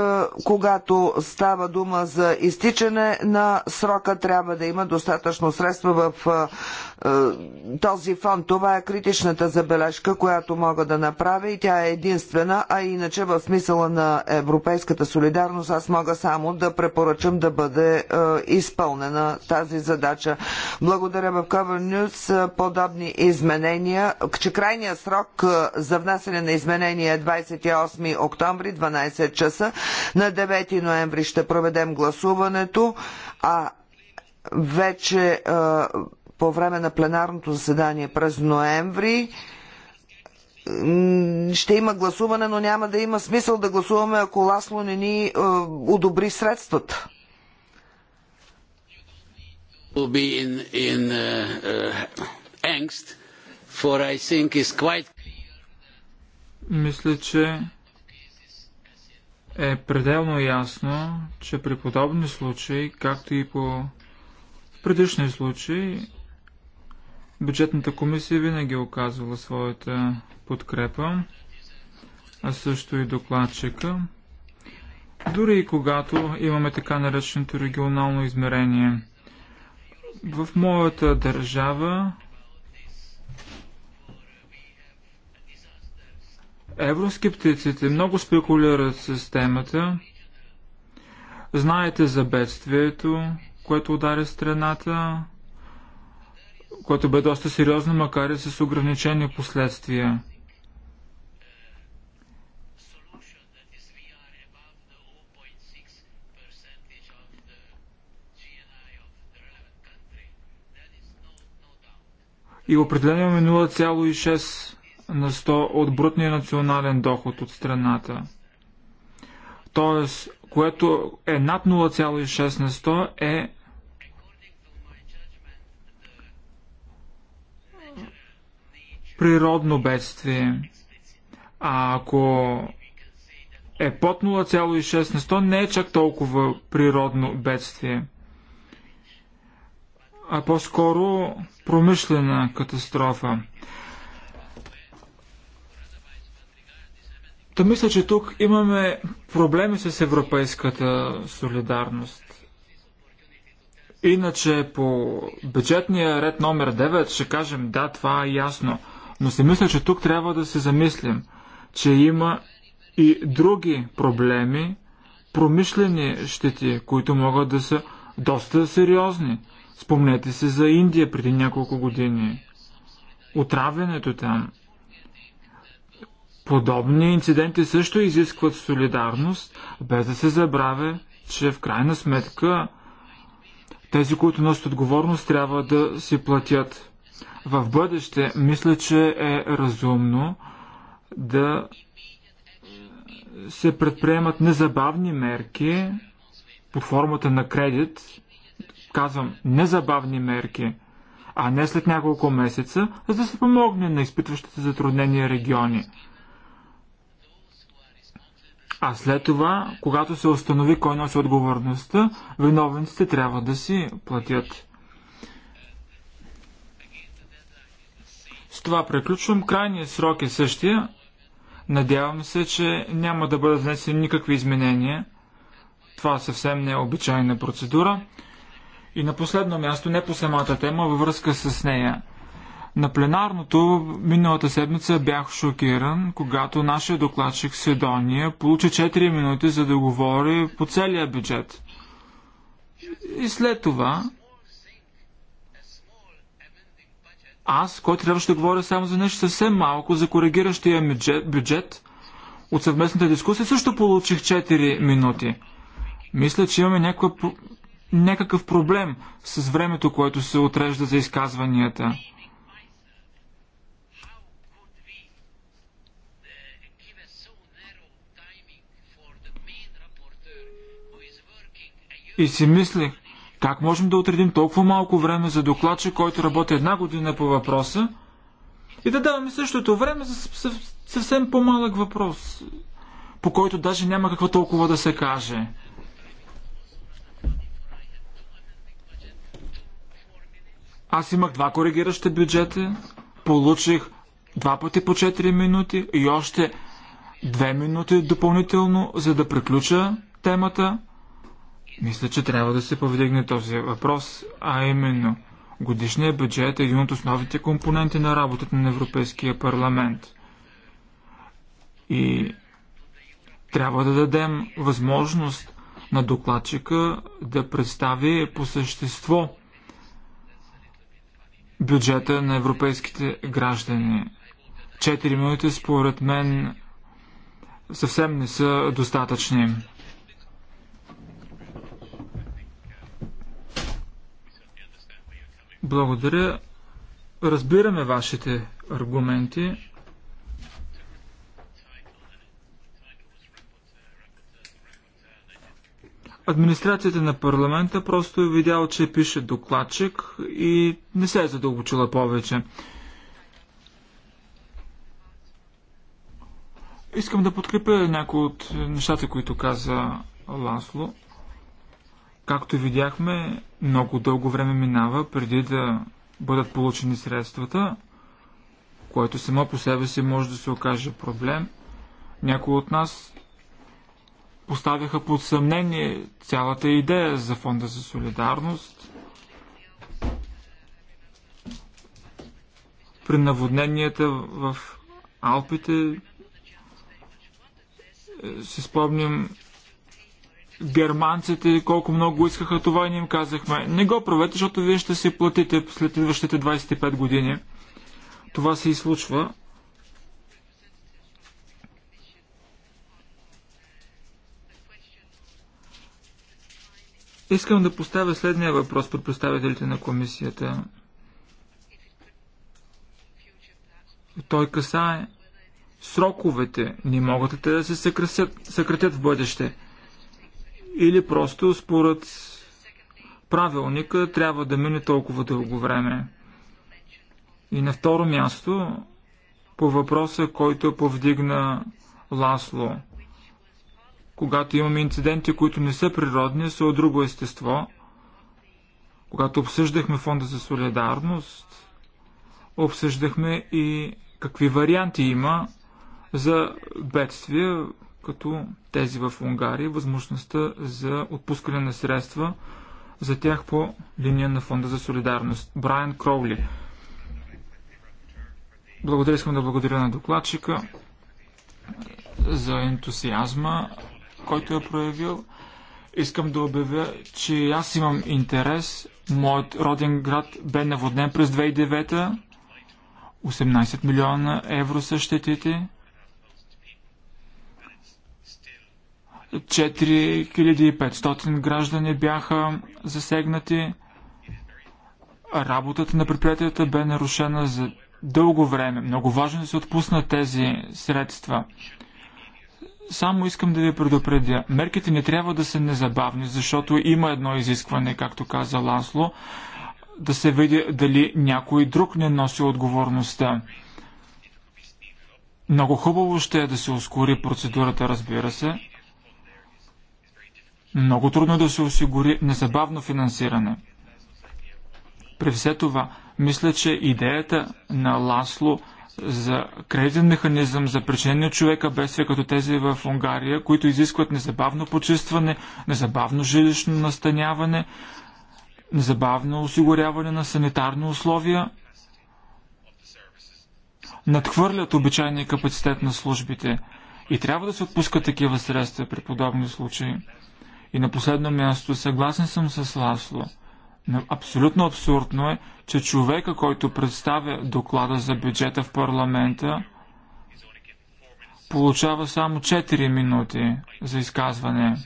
когато става дума за изтичане на срока, трябва да има достатъчно средства в е, е, този фонд. Това е критичната забележка, която мога да направя и тя е единствена, а иначе в смисъла на европейската солидарност аз мога само да препоръчам да бъде е, изпълнена тази задача. Благодаря в Cover News е, подобни изменения, че крайният срок е, за внасяне на изменения е 28 октомври 12 часа часа. На 9 ноември ще проведем гласуването, а вече е, по време на пленарното заседание през ноември ще има гласуване, но няма да има смисъл да гласуваме, ако Ласло не ни е, одобри средствата. Е, е, Мисля, че е пределно ясно, че при подобни случаи, както и по предишни случаи, бюджетната комисия винаги е оказвала своята подкрепа, а също и докладчика, дори и когато имаме така нареченото регионално измерение. В моята държава Евроскептиците много спекулират с темата. Знаете за бедствието, което удари страната, което бе доста сериозно, макар и с ограничени последствия. И определено 0,6 на 100 от брутния национален доход от страната. Тоест, което е над 0,6 на 100 е природно бедствие. А ако е под 0,6 на 100, не е чак толкова природно бедствие, а по-скоро промишлена катастрофа. Та мисля, че тук имаме проблеми с европейската солидарност. Иначе по бюджетния ред номер 9 ще кажем да, това е ясно. Но се мисля, че тук трябва да се замислим, че има и други проблеми, промишлени щети, които могат да са доста сериозни. Спомнете се за Индия преди няколко години. Отравянето там – Подобни инциденти също изискват солидарност, без да се забравя, че в крайна сметка тези, които носят отговорност, трябва да си платят. В бъдеще мисля, че е разумно да се предприемат незабавни мерки под формата на кредит. Казвам незабавни мерки, а не след няколко месеца, за да се помогне на изпитващите затруднения региони. А след това, когато се установи кой носи отговорността, виновниците трябва да си платят. С това приключвам. Крайният срок е същия. Надявам се, че няма да бъдат внесени никакви изменения. Това съвсем не е обичайна процедура. И на последно място, не по самата тема, във връзка с нея. На пленарното миналата седмица бях шокиран, когато нашия докладчик Седония получи 4 минути за да говори по целия бюджет. И след това аз, който трябваше да говоря само за нещо съвсем малко, за коригиращия бюджет, бюджет от съвместната дискусия също получих 4 минути. Мисля, че имаме някакъв проблем с времето, което се отрежда за изказванията. И си мислех, как можем да отредим толкова малко време за докладче, който работи една година по въпроса, и да даваме същото време за съвсем по-малък въпрос, по който даже няма какво толкова да се каже. Аз имах два коригиращи бюджета, получих два пъти по 4 минути и още две минути допълнително, за да приключа темата. Мисля, че трябва да се повдигне този въпрос, а именно годишният бюджет е един от основните компоненти на работата на Европейския парламент. И трябва да дадем възможност на докладчика да представи по същество бюджета на европейските граждани. Четири минути според мен съвсем не са достатъчни. Благодаря. Разбираме вашите аргументи. Администрацията на парламента просто е видяла, че пише докладчик и не се е задълбочила повече. Искам да подкрепя някои от нещата, които каза Ласло. Както видяхме, много дълго време минава преди да бъдат получени средствата, което само по себе си може да се окаже проблем. Някои от нас поставяха под съмнение цялата идея за Фонда за солидарност. При наводненията в Алпите е, си спомням германците колко много искаха това и ние им казахме, не го правете, защото вие ще си платите след следващите 25 години. Това се случва. Искам да поставя следния въпрос пред представителите на комисията. Той касае сроковете. Не могат ли те да се съкратят, съкратят в бъдеще? или просто според правилника трябва да мине толкова дълго време. И на второ място, по въпроса, който повдигна Ласло. Когато имаме инциденти, които не са природни, са от друго естество. Когато обсъждахме фонда за солидарност, обсъждахме и какви варианти има за бедствия, като тези в Унгария, възможността за отпускане на средства за тях по линия на Фонда за солидарност. Брайан Кроули. Благодаря, искам да благодаря на докладчика за ентусиазма, който е проявил. Искам да обявя, че аз имам интерес. Моят роден град бе наводнен през 2009 18 милиона евро са щетите. 4500 граждани бяха засегнати. Работата на предприятията бе нарушена за дълго време. Много важно е да се отпуснат тези средства. Само искам да ви предупредя. Мерките не трябва да са незабавни, защото има едно изискване, както каза Ласло, да се види дали някой друг не носи отговорността. Много хубаво ще е да се ускори процедурата, разбира се, много трудно да се осигури незабавно финансиране. При все това, мисля, че идеята на Ласло за кредитен механизъм за причинение човека бедствия като тези в Унгария, които изискват незабавно почистване, незабавно жилищно настаняване, незабавно осигуряване на санитарни условия, надхвърлят обичайния капацитет на службите и трябва да се отпускат такива средства при подобни случаи. И на последно място, съгласен съм с Ласло. Абсолютно абсурдно е, че човека, който представя доклада за бюджета в парламента, получава само 4 минути за изказване.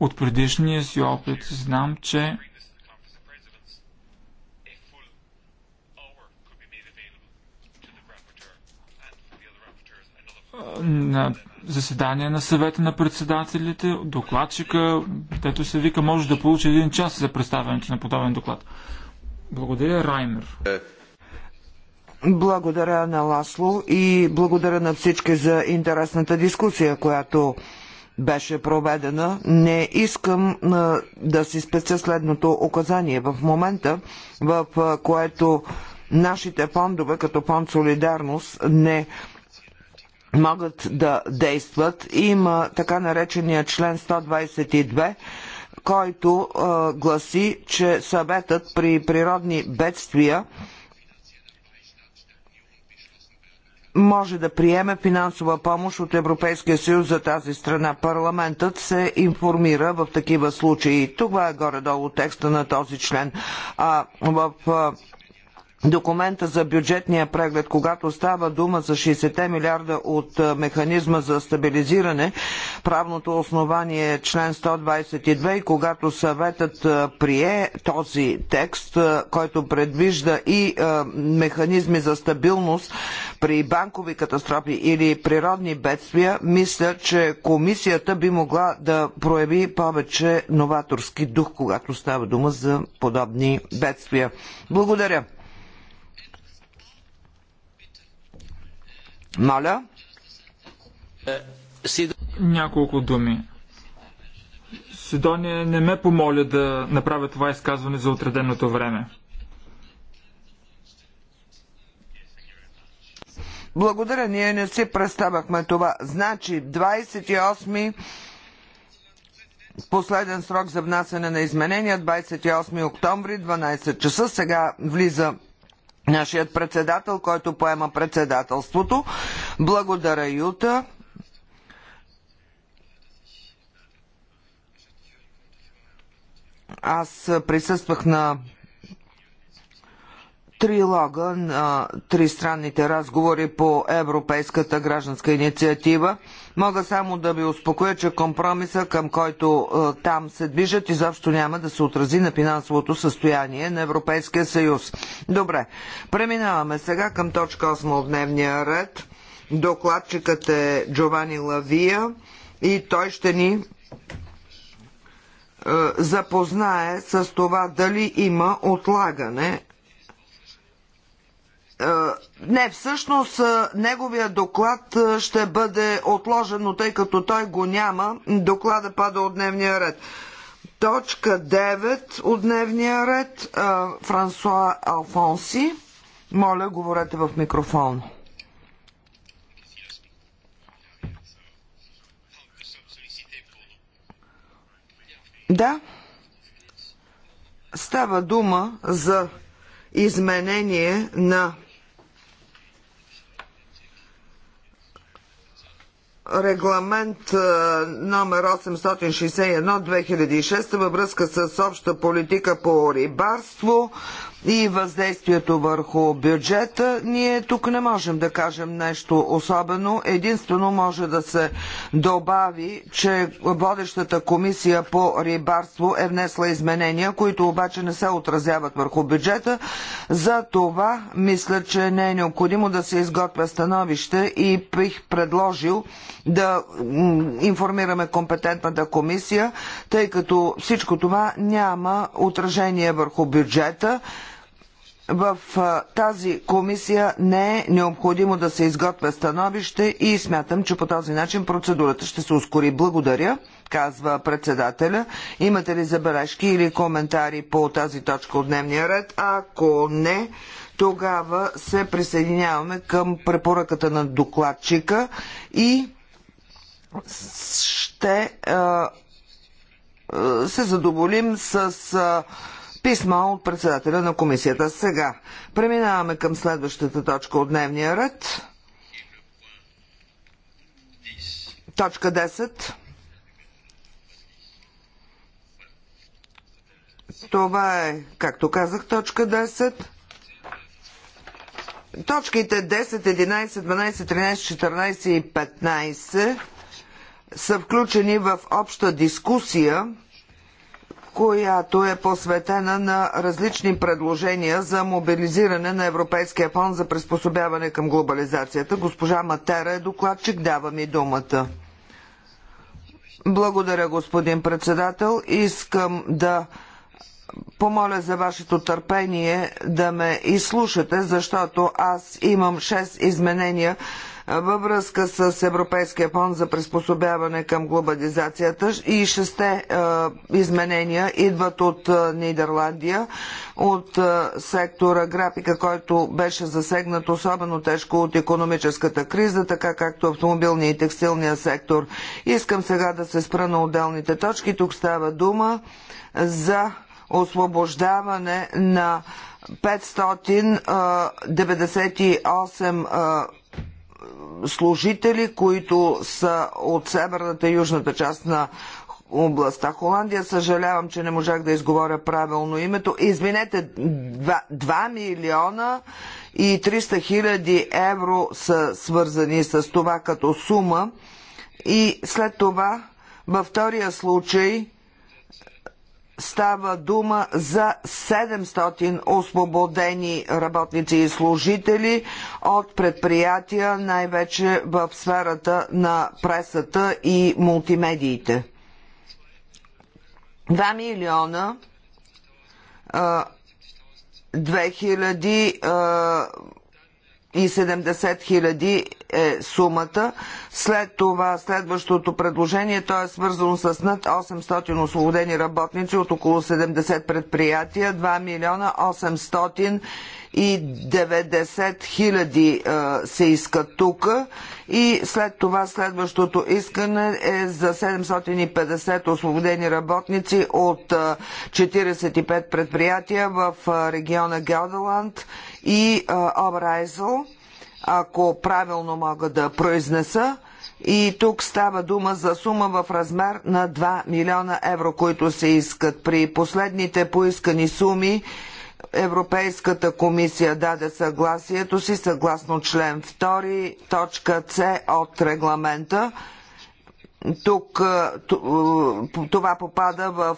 От предишния си опит знам, че на заседание на съвета на председателите, докладчика, дето се вика, може да получи един час за представянето на подобен доклад. Благодаря, Раймер. Благодаря на Ласло и благодаря на всички за интересната дискусия, която беше проведена. Не искам да си спеца следното указание. В момента, в което нашите фондове като фонд Солидарност не могат да действат. Има така наречения член 122, който а, гласи, че съветът при природни бедствия може да приеме финансова помощ от Европейския съюз за тази страна. Парламентът се информира в такива случаи. Това е горе-долу текста на този член. А в а, документа за бюджетния преглед, когато става дума за 60 милиарда от е, механизма за стабилизиране, правното основание е член 122 и когато съветът е, прие този текст, е, който предвижда и механизми за стабилност при банкови катастрофи или природни бедствия, мисля, че комисията би могла да прояви повече новаторски дух, когато става дума за подобни бедствия. Благодаря. Моля. Няколко думи. Сидония не ме помоля да направя това изказване за отреденото време. Благодаря, ние не си представахме това. Значи, 28 последен срок за внасяне на изменения, 28 октомври, 12 часа. Сега влиза нашият председател, който поема председателството. Благодаря, Юта. Аз присъствах на трилога на тристранните разговори по Европейската гражданска инициатива. Мога само да ви успокоя, че компромиса, към който е, там се движат, изобщо няма да се отрази на финансовото състояние на Европейския съюз. Добре, преминаваме сега към точка 8 от дневния ред. Докладчикът е Джовани Лавия и той ще ни е, запознае с това дали има отлагане е, не, всъщност е, неговия доклад е, ще бъде отложен, но тъй като той го няма, доклада пада от дневния ред. Точка 9 от дневния ред. Франсуа Алфонси. Моля, говорете в микрофон. Да. Става дума за изменение на регламент номер 861-2006 във връзка с обща политика по рибарство и въздействието върху бюджета, ние тук не можем да кажем нещо особено. Единствено може да се добави, че водещата комисия по рибарство е внесла изменения, които обаче не се отразяват върху бюджета. За това мисля, че не е необходимо да се изготвя становище и бих предложил да информираме компетентната комисия, тъй като всичко това няма отражение върху бюджета в тази комисия не е необходимо да се изготвя становище и смятам, че по този начин процедурата ще се ускори. Благодаря, казва председателя. Имате ли забележки или коментари по тази точка от дневния ред? Ако не, тогава се присъединяваме към препоръката на докладчика и ще се задоволим с писмо от председателя на комисията. Сега преминаваме към следващата точка от дневния ред. Точка 10. Това е, както казах, точка 10. Точките 10, 11, 12, 13, 14 и 15 са включени в обща дискусия която е посветена на различни предложения за мобилизиране на Европейския фонд за приспособяване към глобализацията. Госпожа Матера е докладчик, дава ми думата. Благодаря, господин председател. Искам да помоля за вашето търпение да ме изслушате, защото аз имам 6 изменения във връзка с Европейския фонд за приспособяване към глобализацията и шесте е, изменения идват от е, Нидерландия, от е, сектора графика, който беше засегнат особено тежко от економическата криза, така както автомобилния и текстилния сектор. Искам сега да се спра на отделните точки. Тук става дума за освобождаване на 598 служители, които са от северната и южната част на областта. Холандия, съжалявам, че не можах да изговоря правилно името. Извинете, 2, милиона и 300 хиляди евро са свързани с това като сума. И след това, във втория случай, става дума за 700 освободени работници и служители от предприятия, най-вече в сферата на пресата и мултимедиите. 2 милиона 2000 170 хиляди е сумата. След това следващото предложение, то е свързано с над 800 освободени работници от около 70 предприятия, 2 милиона 800 000 и 90 хиляди се искат тук и след това следващото искане е за 750 освободени работници от 45 предприятия в региона Гелдаланд и Обрайзъл, ако правилно мога да произнеса. И тук става дума за сума в размер на 2 милиона евро, които се искат. При последните поискани суми Европейската комисия даде съгласието си съгласно член 2, точка С от регламента тук е, е, това попада в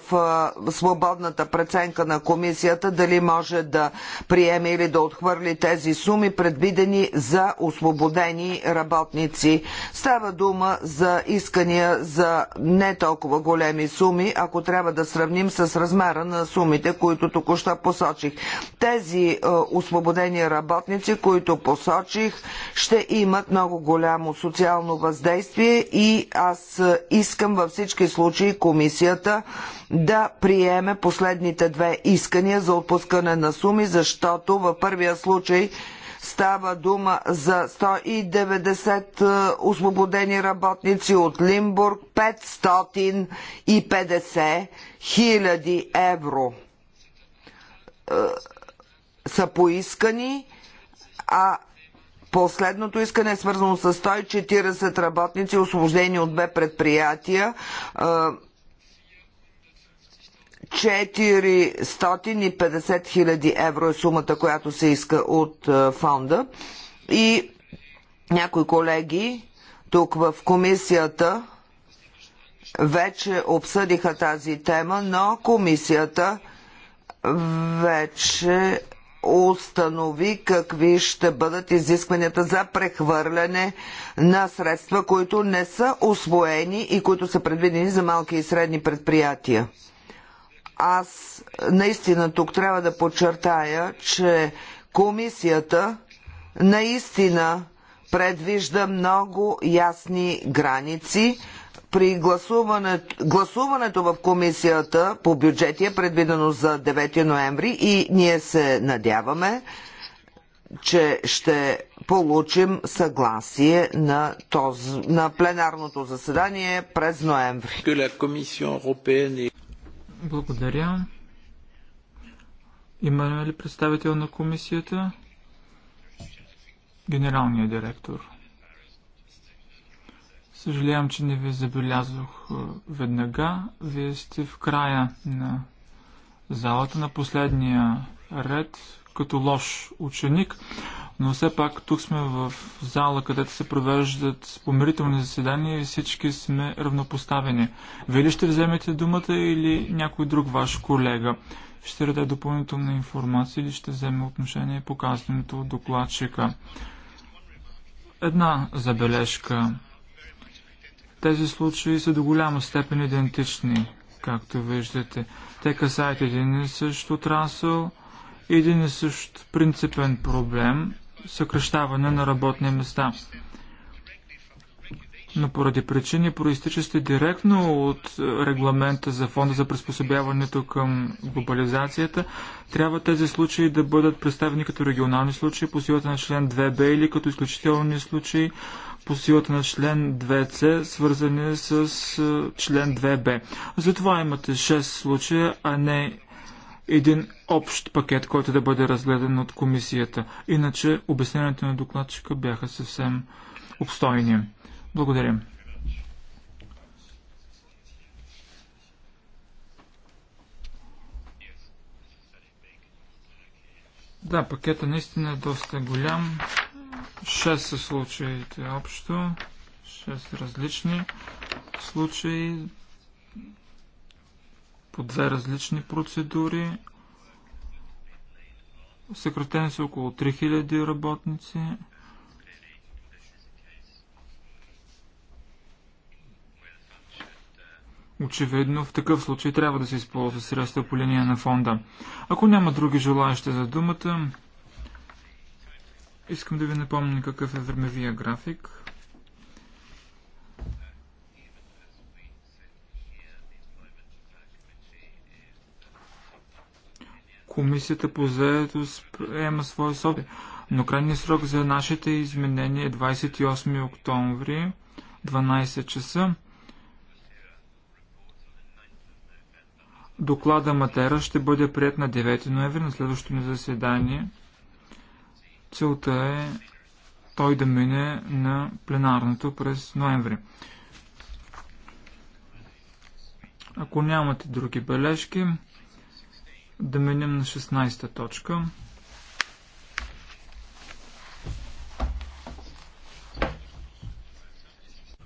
е, свободната преценка на комисията дали може да приеме или да отхвърли тези суми, предвидени за освободени работници. Става дума за искания за не толкова големи суми, ако трябва да сравним с размера на сумите, които току-що посочих. Тези освободени работници, които посочих, ще имат много голямо социално въздействие и аз искам във всички случаи комисията да приеме последните две искания за отпускане на суми, защото във първия случай Става дума за 190 е, освободени работници от Лимбург, 550 хиляди евро е, са поискани, а Последното искане е свързано с 140 работници, освобождени от две предприятия. 450 хиляди евро е сумата, която се иска от фонда. И някои колеги тук в комисията вече обсъдиха тази тема, но комисията вече установи какви ще бъдат изискванията за прехвърляне на средства, които не са освоени и които са предвидени за малки и средни предприятия. Аз наистина тук трябва да подчертая, че комисията наистина предвижда много ясни граници, при гласуване, гласуването в комисията по бюджети е предвидено за 9 ноември и ние се надяваме, че ще получим съгласие на, този, на пленарното заседание през ноември. Благодаря. Има ли представител на комисията? Генералният директор. Съжалявам, че не ви забелязох е, веднага. Вие сте в края на залата на последния ред, като лош ученик, но все пак тук сме в зала, където се провеждат помирителни заседания и всички сме равнопоставени. Вие ли ще вземете думата или някой друг ваш колега? Ще даде допълнителна информация или ще вземе отношение по казаното от докладчика? Една забележка тези случаи са до голяма степен идентични, както виждате. Те касаят един и същ отрасъл, един и същ принципен проблем – съкръщаване на работни места. Но поради причини, проистичащи директно от е, регламента за фонда за приспособяването към глобализацията, трябва тези случаи да бъдат представени като регионални случаи по силата на член 2б или като изключителни случаи по силата на член 2C, свързани с член 2B. Затова имате 6 случая, а не един общ пакет, който да бъде разгледан от комисията. Иначе обясненията на докладчика бяха съвсем обстойни. Благодаря. Да, пакета наистина е доста голям. 6 са случаите общо, 6 различни случаи, по две различни процедури. Съкратени са около 3000 работници. Очевидно, в такъв случай трябва да се използва средства по линия на фонда. Ако няма други желаящи за думата, Искам да ви напомня какъв е времевия график. Комисията по заедост приема своя соби. Но крайният срок за нашите изменения е 28 октомври, 12 часа. Доклада Матера ще бъде прият на 9 ноември на следващото ни заседание. Целта е той да мине на пленарното през ноември. Ако нямате други бележки, да минем на 16-та точка.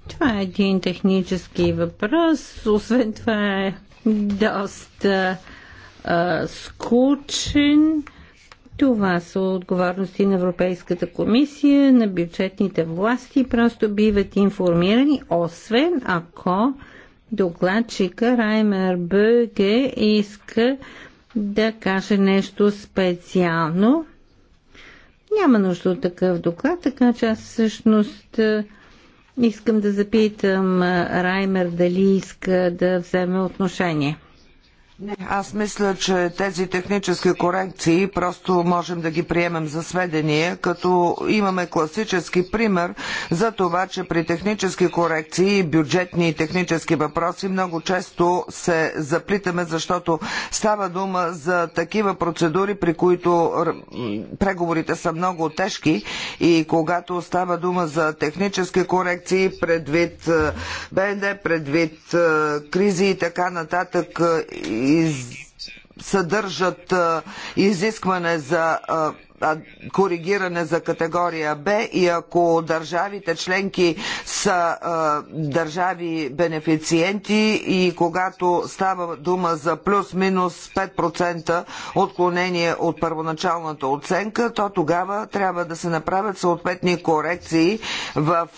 Това е един технически въпрос. Освен това е доста а, скучен. А, това са отговорности на Европейската комисия, на бюджетните власти, просто биват информирани, освен ако докладчика Раймер Бъге иска да каже нещо специално. Няма нужда от такъв доклад, така че аз всъщност е, искам да запитам е, Раймер дали иска да вземе отношение. Не, аз мисля, че тези технически корекции просто можем да ги приемем за сведение, като имаме класически пример за това, че при технически корекции, бюджетни и технически въпроси много често се заплитаме, защото става дума за такива процедури, при които преговорите са много тежки и когато става дума за технически корекции, предвид е, БНД, предвид е, кризи и така нататък, съдържат изискване за коригиране за категория Б и ако държавите членки са държави бенефициенти и когато става дума за плюс-минус 5% отклонение от първоначалната оценка, то тогава трябва да се направят съответни корекции в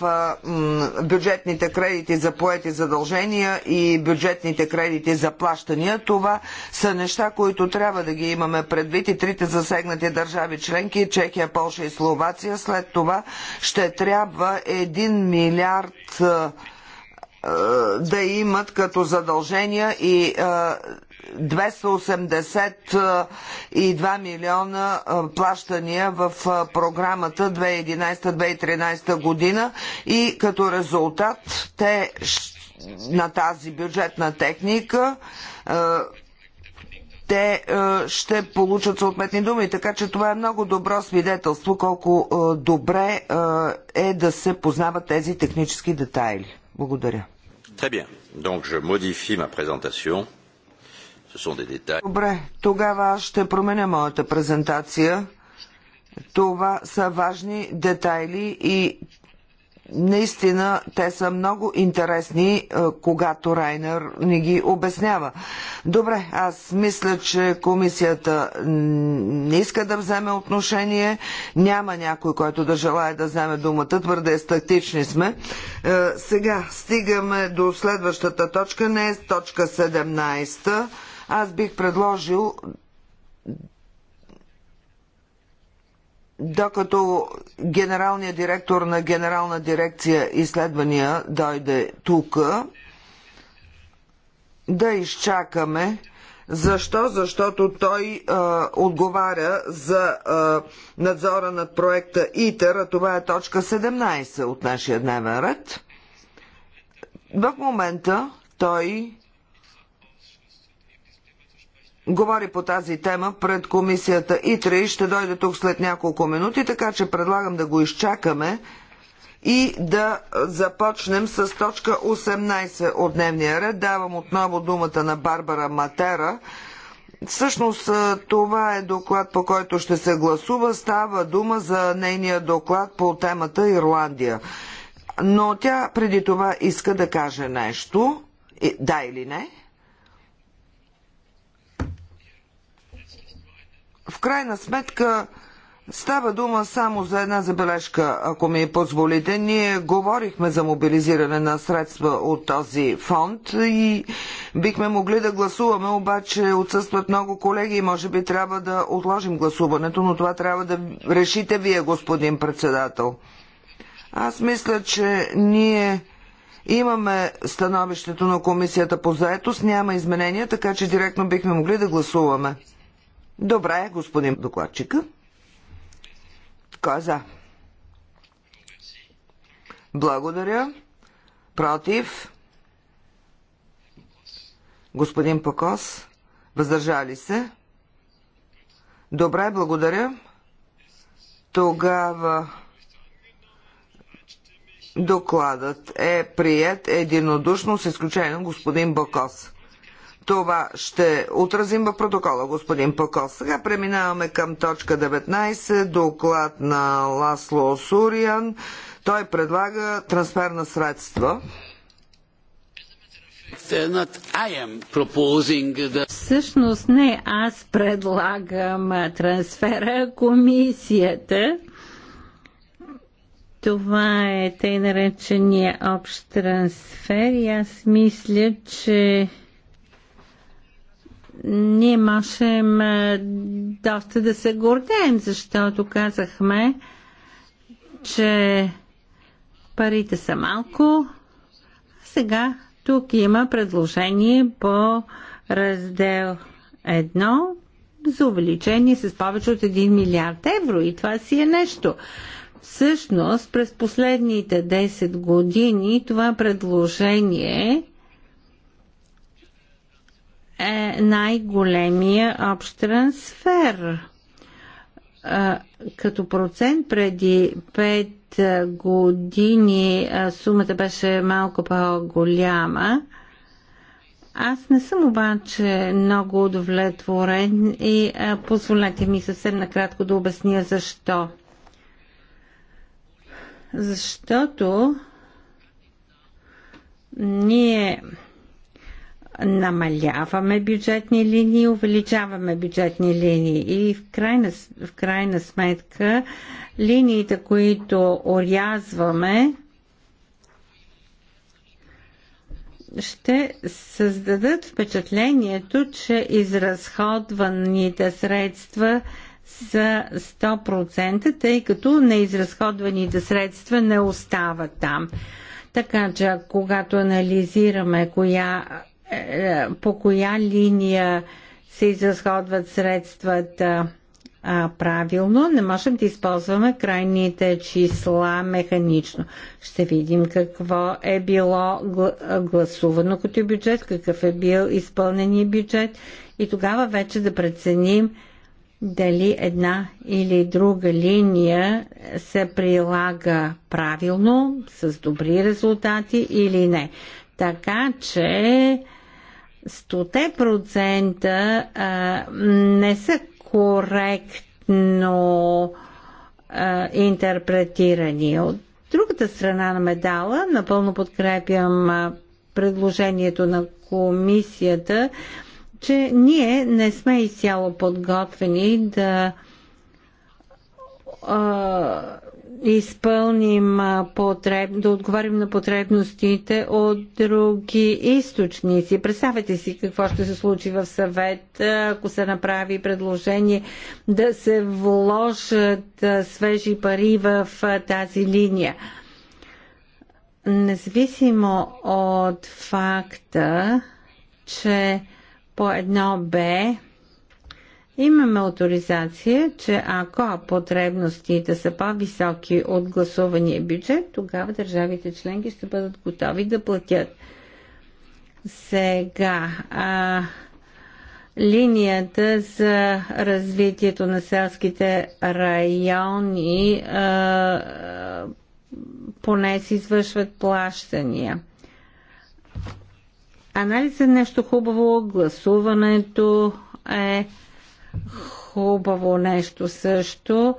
бюджетните кредити за поети задължения и бюджетните кредити за плащания. Това са неща, които трябва да ги имаме предвид и трите засегнати държави членки членки Чехия, Польша и Словация. След това ще трябва 1 милиард е, е, да имат като задължения и 282 е, милиона плащания в програмата 2011-2013 година и като резултат те на тази бюджетна техника те е, ще получат съответни думи. Така че това е много добро свидетелство колко е, добре е, е да се познават тези технически детайли. Благодаря. Добре, тогава аз ще променя моята презентация. Това са важни детайли и наистина те са много интересни, е, когато Райнер ни ги обяснява. Добре, аз мисля, че комисията не иска да вземе отношение. Няма някой, който да желая да вземе думата. Твърде естетични сме. Е, сега стигаме до следващата точка. Не е точка 17. Аз бих предложил докато генералният директор на Генерална дирекция изследвания дойде тук, да изчакаме. Защо? Защото той а, отговаря за а, надзора над проекта ИТЕР, а това е точка 17 от нашия дневен ред. В момента той говори по тази тема пред комисията ИТРА и ще дойде тук след няколко минути, така че предлагам да го изчакаме и да започнем с точка 18 от дневния ред. Давам отново думата на Барбара Матера. Всъщност това е доклад, по който ще се гласува. Става дума за нейния доклад по темата Ирландия. Но тя преди това иска да каже нещо. Да или не? в крайна сметка Става дума само за една забележка, ако ми позволите. Ние говорихме за мобилизиране на средства от този фонд и бихме могли да гласуваме, обаче отсъстват много колеги и може би трябва да отложим гласуването, но това трябва да решите вие, господин председател. Аз мисля, че ние имаме становището на комисията по заетост, няма изменения, така че директно бихме могли да гласуваме. Добре, господин докладчика. Кой е за? Благодаря. Против? Господин Покос? Въздържали се? Добре, благодаря. Тогава докладът е прият единодушно с изключение на господин Бокос. Това ще отразим в протокола, господин Паков. Сега преминаваме към точка 19, доклад на Ласло Суриан. Той предлага трансфер на средства. Всъщност не аз предлагам трансфера, комисията. Това е тъй наречения общ трансфер и аз мисля, че ние можем е, доста да се гордеем, защото казахме, че парите са малко. Сега тук има предложение по раздел 1 за увеличение с повече от 1 милиард евро и това си е нещо. Всъщност, през последните 10 години това предложение е най-големия общ трансфер като процент преди 5 години сумата беше малко по-голяма. Аз не съм обаче много удовлетворен и позволете ми съвсем накратко да обясня защо. Защото ние намаляваме бюджетни линии, увеличаваме бюджетни линии. И в крайна, в крайна сметка линиите, които орязваме, ще създадат впечатлението, че изразходваните средства са 100%, тъй като неизразходваните средства не остават там. Така че, когато анализираме коя е, по коя линия се изразходват средствата а, правилно, не можем да използваме крайните числа механично. Ще видим какво е било гласувано като бюджет, какъв е бил изпълнения бюджет и тогава вече да преценим дали една или друга линия се прилага правилно, с добри резултати или не. Така че процента не са коректно интерпретирани. От другата страна на медала напълно подкрепям предложението на комисията, че ние не сме изцяло подготвени да изпълним потреб, да отговорим на потребностите от други източници. Представете си какво ще се случи в съвет, ако се направи предложение да се вложат свежи пари в тази линия. Независимо от факта, че по едно бе Имаме авторизация, че ако потребностите са по-високи от гласувания бюджет, тогава държавите членки ще бъдат готови да платят. Сега, а, линията за развитието на селските райони а, а поне се извършват плащания. Анализът е нещо хубаво, гласуването е хубаво нещо също.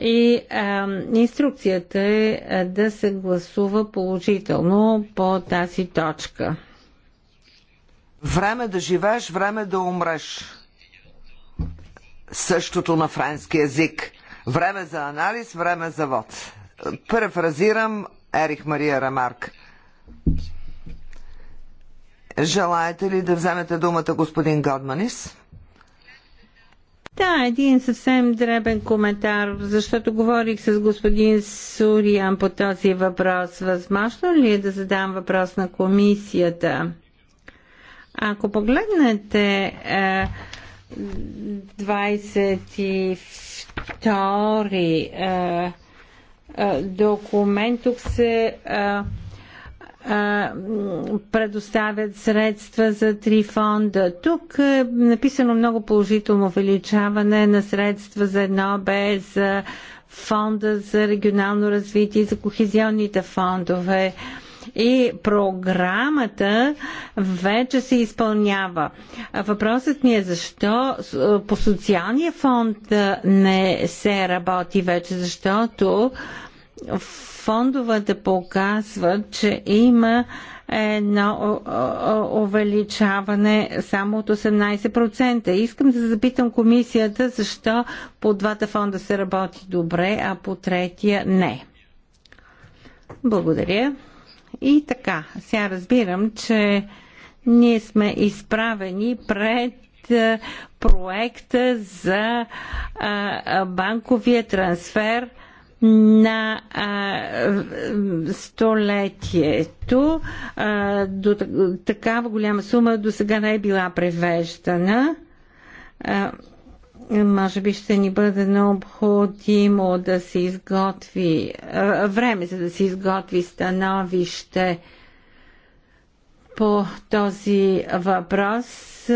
И а, инструкцията е да се гласува положително по тази точка. Време да живееш, време да умреш. Същото на френски язик. Време за анализ, време за вод. Префразирам Ерих Мария Ремарк. Желаете ли да вземете думата господин Годманис? Да, един съвсем дребен коментар, защото говорих с господин Суриан по този въпрос. Възможно ли е да задам въпрос на комисията? Ако погледнете е, 22 е, е, документ, тук се е, предоставят средства за три фонда. Тук е написано много положително увеличаване на средства за едно бе за фонда за регионално развитие, за кохезионните фондове и програмата вече се изпълнява. Въпросът ми е защо е, по социалния фонд е, не се работи вече, защото фондовете показват, че има едно увеличаване само от 18%. Искам да запитам комисията защо по двата фонда се работи добре, а по третия не. Благодаря. И така, сега разбирам, че ние сме изправени пред е, проекта за е, банковия трансфер – на а, столетието. А, до такава голяма сума до сега не е била превеждана. А, може би ще ни бъде необходимо да се изготви а, време, за да се изготви становище по този въпрос.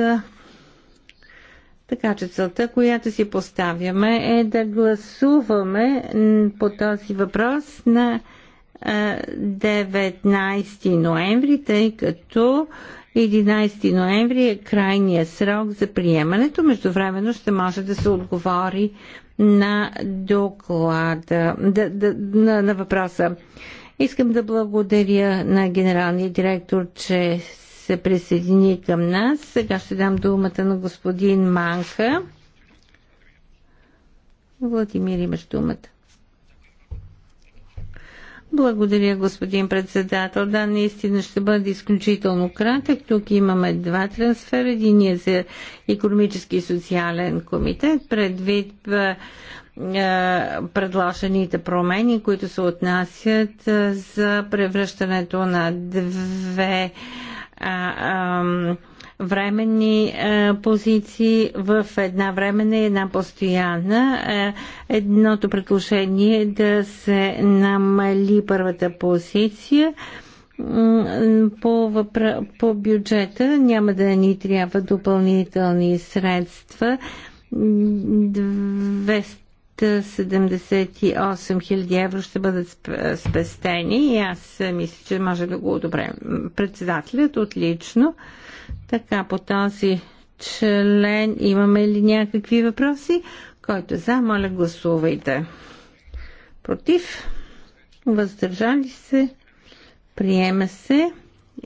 Така че целта, която си поставяме е да гласуваме по този въпрос на 19 ноември, тъй като 11 ноември е крайният срок за приемането. Междувременно ще може да се отговори на доклада, да, да, на, на въпроса. Искам да благодаря на генералния директор, че се присъедини към нас. Сега ще дам думата на господин Манка. Владимир, имаш думата. Благодаря, господин председател. Да, наистина ще бъде изключително кратък. Тук имаме два трансфера. Единият за економически и социален комитет, предвид предложените промени, които се отнасят за превръщането на две а, временни а, позиции в една времена и една постоянна. А, едното предложение е да се намали първата позиция по, въпра... по бюджета няма да ни трябва допълнителни средства. 78 000 евро ще бъдат спестени и аз мисля, че може да го одобрем. Председателят отлично. Така, по този член имаме ли някакви въпроси? Който е за, моля гласувайте. Против? Въздържали се? Приема се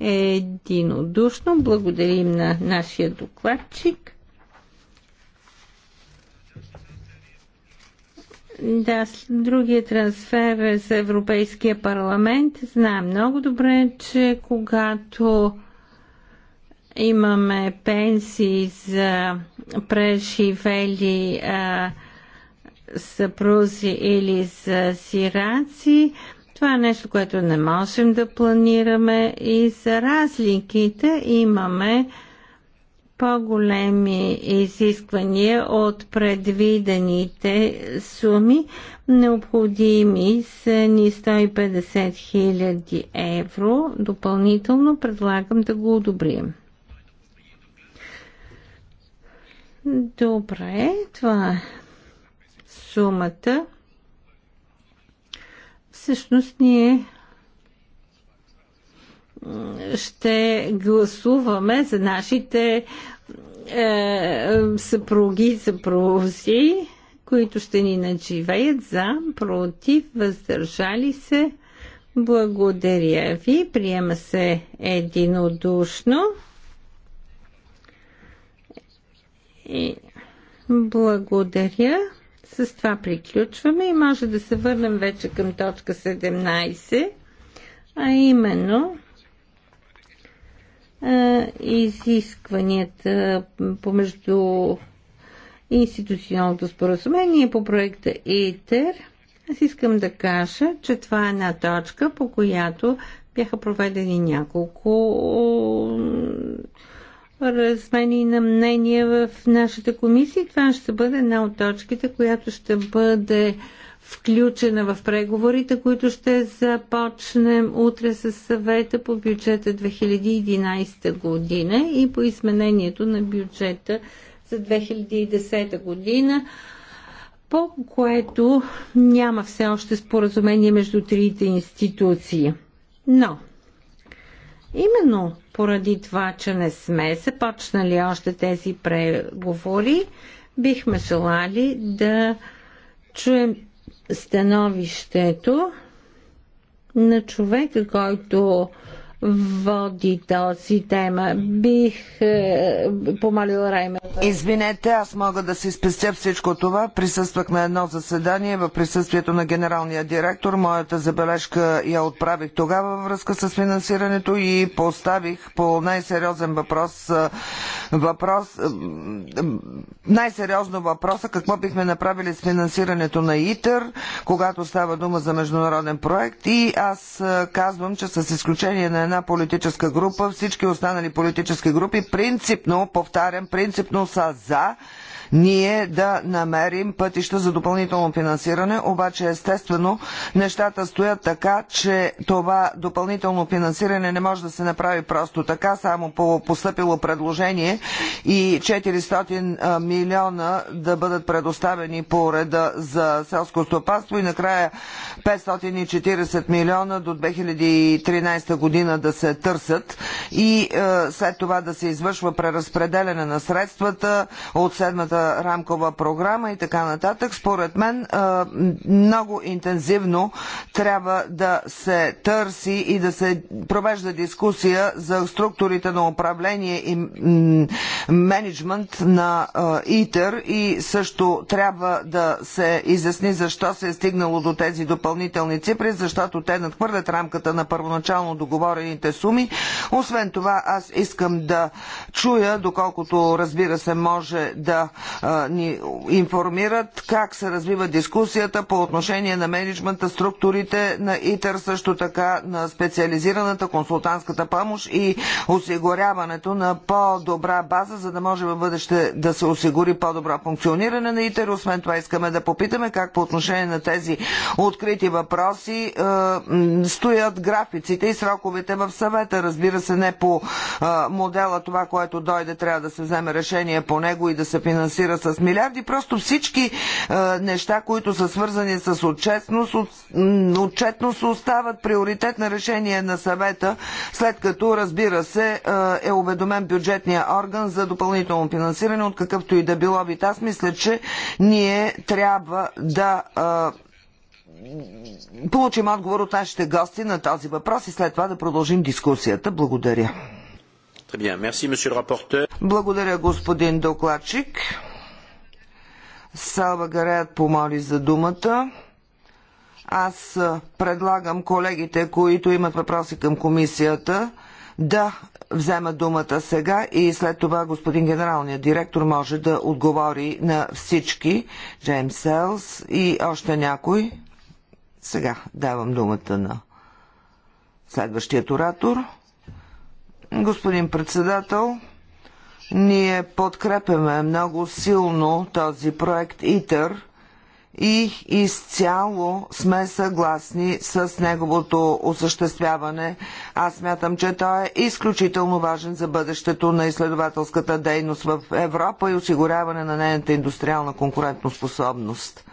единодушно. Благодарим на нашия докладчик. Да, другия трансфер е за Европейския парламент. Знам много добре, че когато имаме пенсии за преживели а, съпрузи или за сираци, това е нещо, което не можем да планираме и за разликите имаме по-големи изисквания от предвидените суми. Необходими са ни 150 000 евро. Допълнително предлагам да го одобрим. Добре, това е сумата. Всъщност ние ще гласуваме за нашите е, съпруги, съпрузи, които ще ни надживеят за, против, въздържали се. Благодаря ви. Приема се единодушно. И благодаря. С това приключваме и може да се върнем вече към точка 17, а именно изискванията помежду институционалното споразумение по проекта ИТЕР. Аз искам да кажа, че това е една точка, по която бяха проведени няколко размени на мнения в нашата комисия. Това ще бъде една от точките, която ще бъде включена в преговорите, които ще започнем утре с съвета по бюджета 2011 година и по изменението на бюджета за 2010 година, по което няма все още споразумение между трите институции. Но, именно поради това, че не сме започнали още тези преговори, бихме желали да чуем становището на човека, който води този тема. Бих е, помолил Райме. Извинете, аз мога да си спестя всичко това. Присъствах на едно заседание в присъствието на генералния директор. Моята забележка я отправих тогава във връзка с финансирането и поставих по най-сериозен въпрос е, въпрос е, най-сериозно въпроса какво бихме направили с финансирането на ИТЕР, когато става дума за международен проект и аз е, казвам, че с изключение на една една политическа група. Всички останали политически групи принципно, повтарям, принципно са за ние да намерим пътища за допълнително финансиране, обаче естествено нещата стоят така, че това допълнително финансиране не може да се направи просто така, само по постъпило предложение и 400 милиона да бъдат предоставени по реда за селско стопанство и накрая 540 милиона до 2013 година да се търсят и след това да се извършва преразпределяне на средствата от седмата новата рамкова програма и така нататък, според мен много интензивно трябва да се търси и да се провежда дискусия за структурите на управление и менеджмент на ИТЕР и също трябва да се изясни защо се е стигнало до тези допълнителни цифри, защото те надхвърлят рамката на първоначално договорените суми. Освен това, аз искам да чуя, доколкото разбира се може да ни информират как се развива дискусията по отношение на менеджмента, структурите на ИТЕР, също така на специализираната консултантската помощ и осигуряването на по-добра база, за да може в бъдеще да се осигури по-добро функциониране на ИТЕР. Освен това искаме да попитаме как по отношение на тези открити въпроси стоят графиците и сроковете в съвета. Разбира се, не по модела това, което дойде, трябва да се вземе решение по него и да се финансира компенсира с милиарди. Просто всички е, неща, които са свързани с отчетност, отчетност остават приоритет на решение на съвета, след като, разбира се, е, е уведомен бюджетния орган за допълнително финансиране от какъвто и да било вид. Аз мисля, че ние трябва да е, получим отговор от нашите гости на този въпрос и след това да продължим дискусията. Благодаря. Благодаря, господин докладчик. Салва Гареят помоли за думата. Аз предлагам колегите, които имат въпроси към комисията, да взема думата сега и след това господин генералният директор може да отговори на всички. Джеймс Селс и още някой. Сега давам думата на следващият оратор. Господин председател, ние подкрепяме много силно този проект ИТЕР и изцяло сме съгласни с неговото осъществяване. Аз мятам, че той е изключително важен за бъдещето на изследователската дейност в Европа и осигуряване на нейната индустриална конкурентоспособност.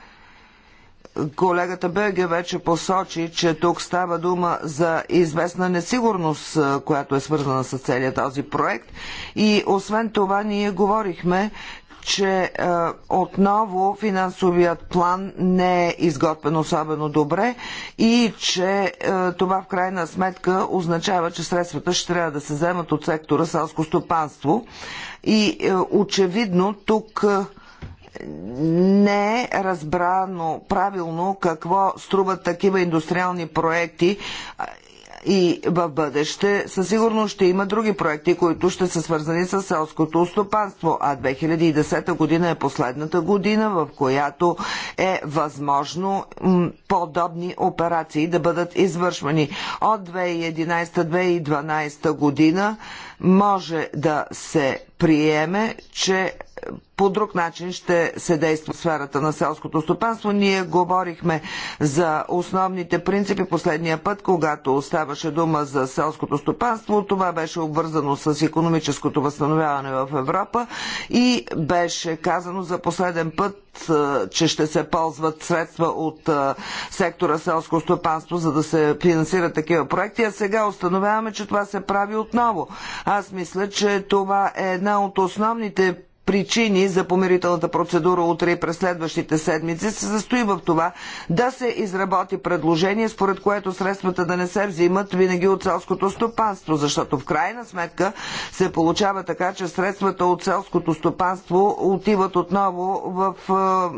Колегата Беге вече посочи, че тук става дума за известна несигурност, която е свързана с целият този проект. И освен това ние говорихме, че е, отново финансовият план не е изготвен особено добре и че е, това в крайна сметка означава, че средствата ще трябва да се вземат от сектора селско стопанство. И е, очевидно тук е, не е разбрано правилно какво струват такива индустриални проекти и в бъдеще със сигурност ще има други проекти, които ще са свързани с селското стопанство. А 2010 година е последната година, в която е възможно подобни операции да бъдат извършвани. От 2011-2012 година може да се приеме, че по друг начин ще се действа в сферата на селското стопанство. Ние говорихме за основните принципи последния път, когато оставаше дума за селското стопанство. Това беше обвързано с економическото възстановяване в Европа и беше казано за последен път, че ще се ползват средства от сектора селско стопанство, за да се финансират такива проекти. А сега установяваме, че това се прави отново. Аз мисля, че това е една от основните причини за помирителната процедура утре и през следващите седмици се състои в това да се изработи предложение, според което средствата да не се взимат винаги от селското стопанство, защото в крайна сметка се получава така, че средствата от селското стопанство отиват отново в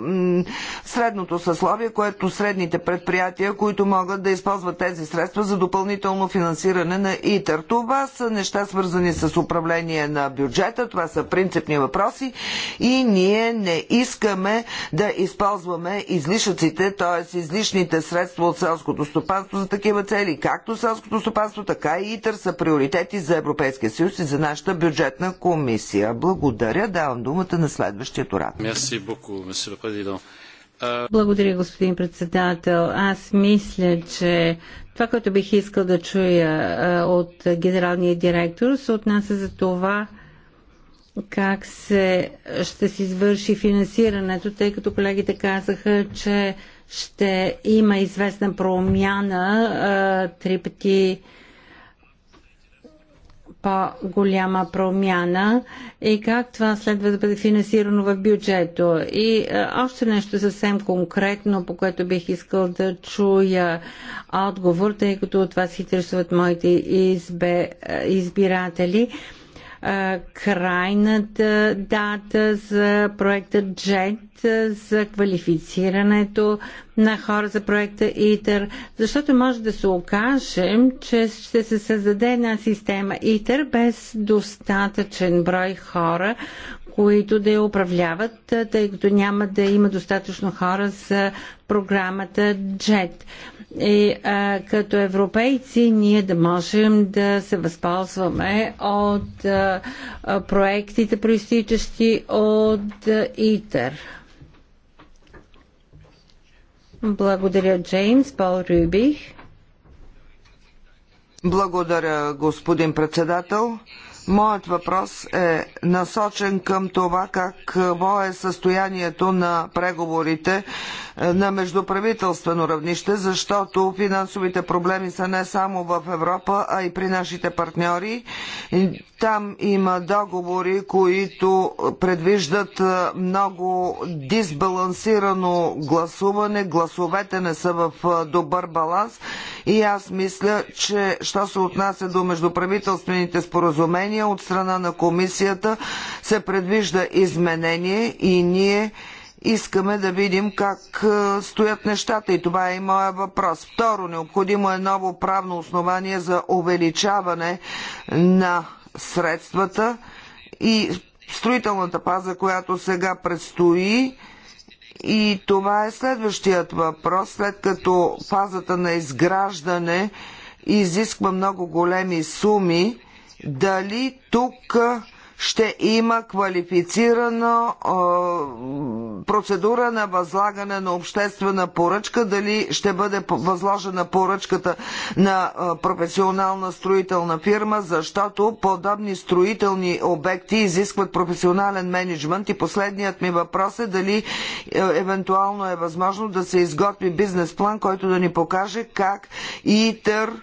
е, средното съсловие, което средните предприятия, които могат да използват тези средства за допълнително финансиране на ИТР. Това са неща свързани с управление на бюджета, това са принципни въпроси въпроси и ние не искаме да използваме излишъците, т.е. излишните средства от селското стопанство за такива цели. Както селското стопанство, така и ИТР са приоритети за Европейския съюз и за нашата бюджетна комисия. Благодаря. Давам думата на следващия оратор. Мерси боку, euh, Благодаря, господин председател. Аз мисля, че това, което бих искал да чуя е, от генералния директор, се отнася за това, как се ще се извърши финансирането, тъй като колегите казаха, че ще има известна промяна, три пъти по-голяма промяна и как това следва да бъде финансирано в бюджето. И още нещо съвсем конкретно, по което бих искал да чуя отговор, тъй като от вас хитрисуват моите избе, избиратели крайната дата за проекта JET, за квалифицирането на хора за проекта ИТЕР, защото може да се окажем, че ще се създаде една система ИТЕР без достатъчен брой хора, които да я управляват, тъй като няма да има достатъчно хора за програмата JET и а, като европейци ние да можем да се възползваме от а, проектите, проистичащи от а, ИТЕР. Благодаря, Джеймс. Пол Рюбих. Благодаря, господин председател. Моят въпрос е насочен към това какво е, е състоянието на преговорите е, на междуправителствено равнище, защото финансовите проблеми са не само в Европа, а и при нашите партньори. Там има договори, които предвиждат е, много дисбалансирано гласуване. Гласовете не са в добър баланс и аз мисля, че що се отнася до междуправителствените споразумения, предложение от страна на комисията се предвижда изменение и ние искаме да видим как е, стоят нещата и това е и моя въпрос. Второ, необходимо е ново правно основание за увеличаване на средствата и строителната паза, която сега предстои. И това е следващият въпрос, след като фазата на изграждане изисква много големи суми дали тук ще има квалифицирана процедура на възлагане на обществена поръчка, дали ще бъде възложена поръчката на професионална строителна фирма, защото подобни строителни обекти изискват професионален менеджмент и последният ми въпрос е дали е, евентуално е възможно да се изготви бизнес план, който да ни покаже как ИТЕР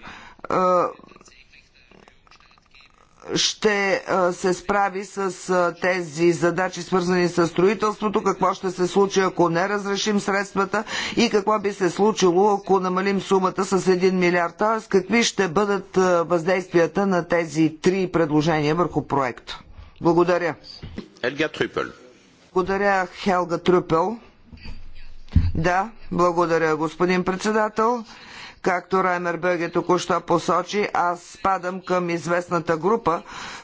ще се справи с тези задачи, свързани с строителството, какво ще се случи, ако не разрешим средствата и какво би се случило, ако намалим сумата с 1 милиард. Т.е. какви ще бъдат въздействията на тези три предложения върху проект. Благодаря. Елга Трюпел. Благодаря, Хелга Трюпел. Да, благодаря, господин председател. Както Раймер Беге току-що посочи, аз спадам към известната група,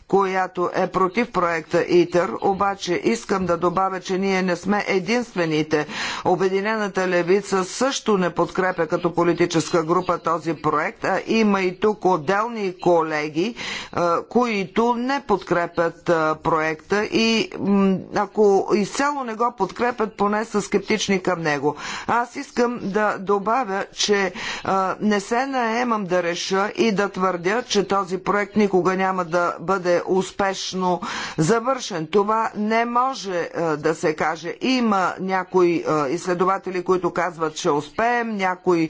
която е против проекта ИТЕР, обаче искам да добавя, че ние не сме единствените. Обединената левица също не подкрепя като политическа група този проект, а има и тук отделни колеги, които не подкрепят проекта и ако изцяло не го подкрепят, поне са скептични към него. Аз искам да добавя, че не се наемам да реша и да твърдя, че този проект никога няма да бъде успешно завършен. Това не може е, да се каже. Има някои е, изследователи, които казват, че успеем, някои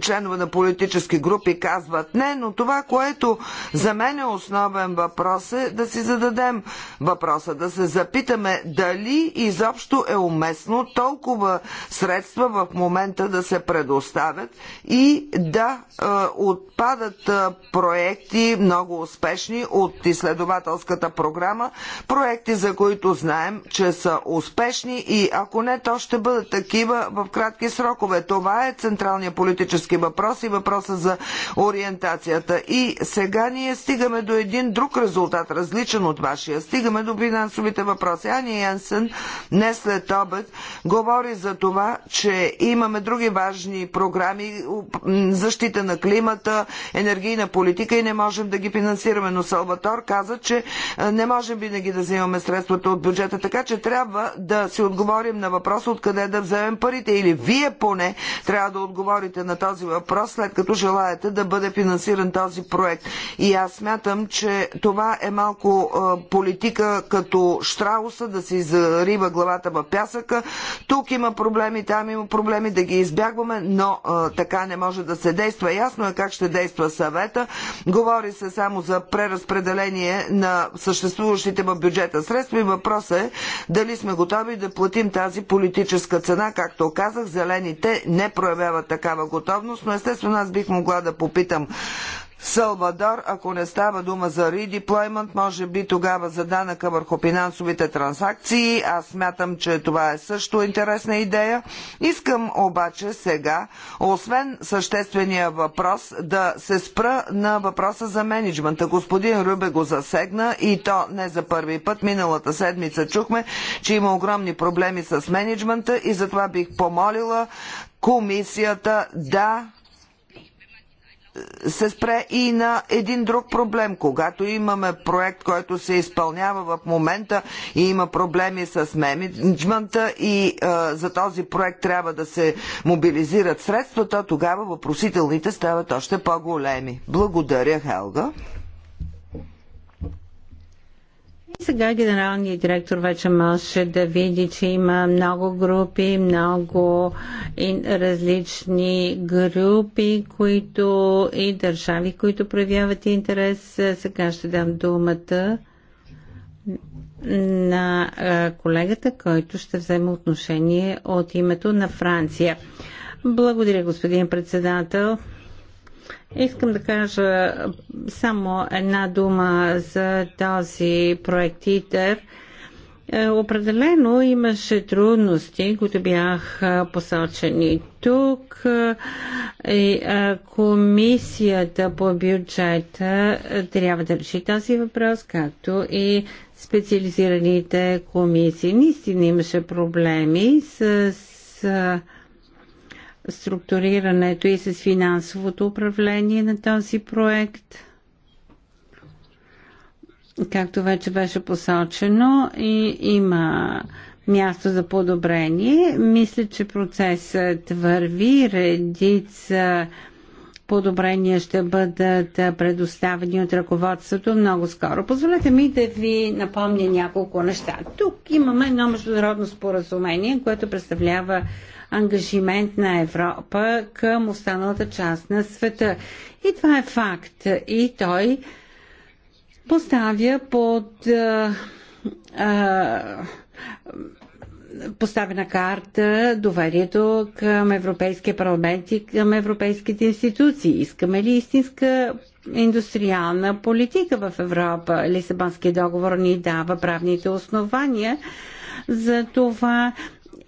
членове на политически групи казват не, но това, което за мен е основен въпрос е да си зададем въпроса, да се запитаме дали изобщо е уместно толкова средства в момента да се предоставят и да е, отпадат проекти много успешни, различни от изследователската програма, проекти, за които знаем, че са успешни и ако не, то ще бъдат такива в кратки срокове. Това е централният политически въпрос и въпроса за ориентацията. И сега ние стигаме до един друг резултат, различен от вашия. Стигаме до финансовите въпроси. Ани Янсен не след обед говори за това, че имаме други важни програми, защита на климата, енергийна политика и не можем да ги финансираме. Но Салватор каза, че не можем винаги да взимаме средствата от бюджета, така че трябва да си отговорим на въпроса откъде да вземем парите. Или вие поне трябва да отговорите на този въпрос, след като желаете да бъде финансиран този проект. И аз смятам, че това е малко политика като Штрауса, да си зарива главата в пясъка. Тук има проблеми, там има проблеми, да ги избягваме, но а, така не може да се действа. Ясно е как ще действа съвета. Говори се само за преразпределение преразпределение на съществуващите в бюджета средства и въпросът е дали сме готови да платим тази политическа цена. Както казах, зелените не проявяват такава готовност, но естествено аз бих могла да попитам Салвадор, ако не става дума за редеплоймент, може би тогава за данъка върху финансовите транзакции. Аз смятам, че това е също интересна идея. Искам обаче сега, освен съществения въпрос, да се спра на въпроса за менеджмента. Господин Рубе го засегна и то не за първи път. Миналата седмица чухме, че има огромни проблеми с менеджмента и затова бих помолила комисията да се спре и на един друг проблем. Когато имаме проект, който се изпълнява в момента и има проблеми с менеджмента и а, е, за този проект трябва да се мобилизират средствата, тогава въпросителните стават още по-големи. Благодаря, Хелга. И сега генералният директор вече може да види, че има много групи, много различни групи, които и държави, които проявяват интерес. Сега ще дам думата на колегата, който ще вземе отношение от името на Франция. Благодаря, господин председател. Искам да кажа само една дума за този проект ИТЕР. Е, определено имаше трудности, които бяха посочени тук. Е, е, комисията по бюджета трябва да реши този въпрос, както и специализираните комисии. Наистина имаше проблеми с структурирането и с финансовото управление на този проект. Както вече беше посочено, и има място за подобрение. Мисля, че процесът върви, редица подобрения ще бъдат предоставени от ръководството много скоро. Позволете ми да ви напомня няколко неща. Тук имаме едно международно споразумение, което представлява ангажимент на Европа към останалата част на света. И това е факт. И той поставя под. А, а, поставена карта доверието към Европейския парламент и към европейските институции. Искаме ли истинска индустриална политика в Европа? Лисабонския договор ни дава правните основания за това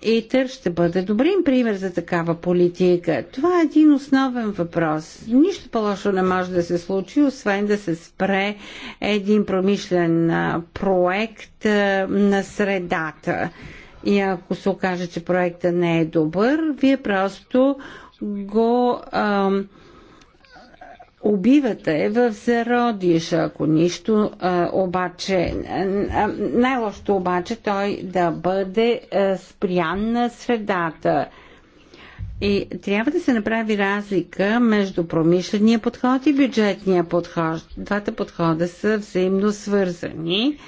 ИТЕР ще бъде добрим пример за такава политика. Това е един основен въпрос. Нищо по-лошо не може да се случи, освен да се спре един промишлен проект на средата. И ако се окаже, че проектът не е добър, вие просто го. Ам, убивате в зародиш, ако нищо, а, обаче, най-лошото обаче той да бъде а, спрян на средата. И трябва да се направи разлика между промишления подход и бюджетния подход. Двата подхода са взаимно свързани.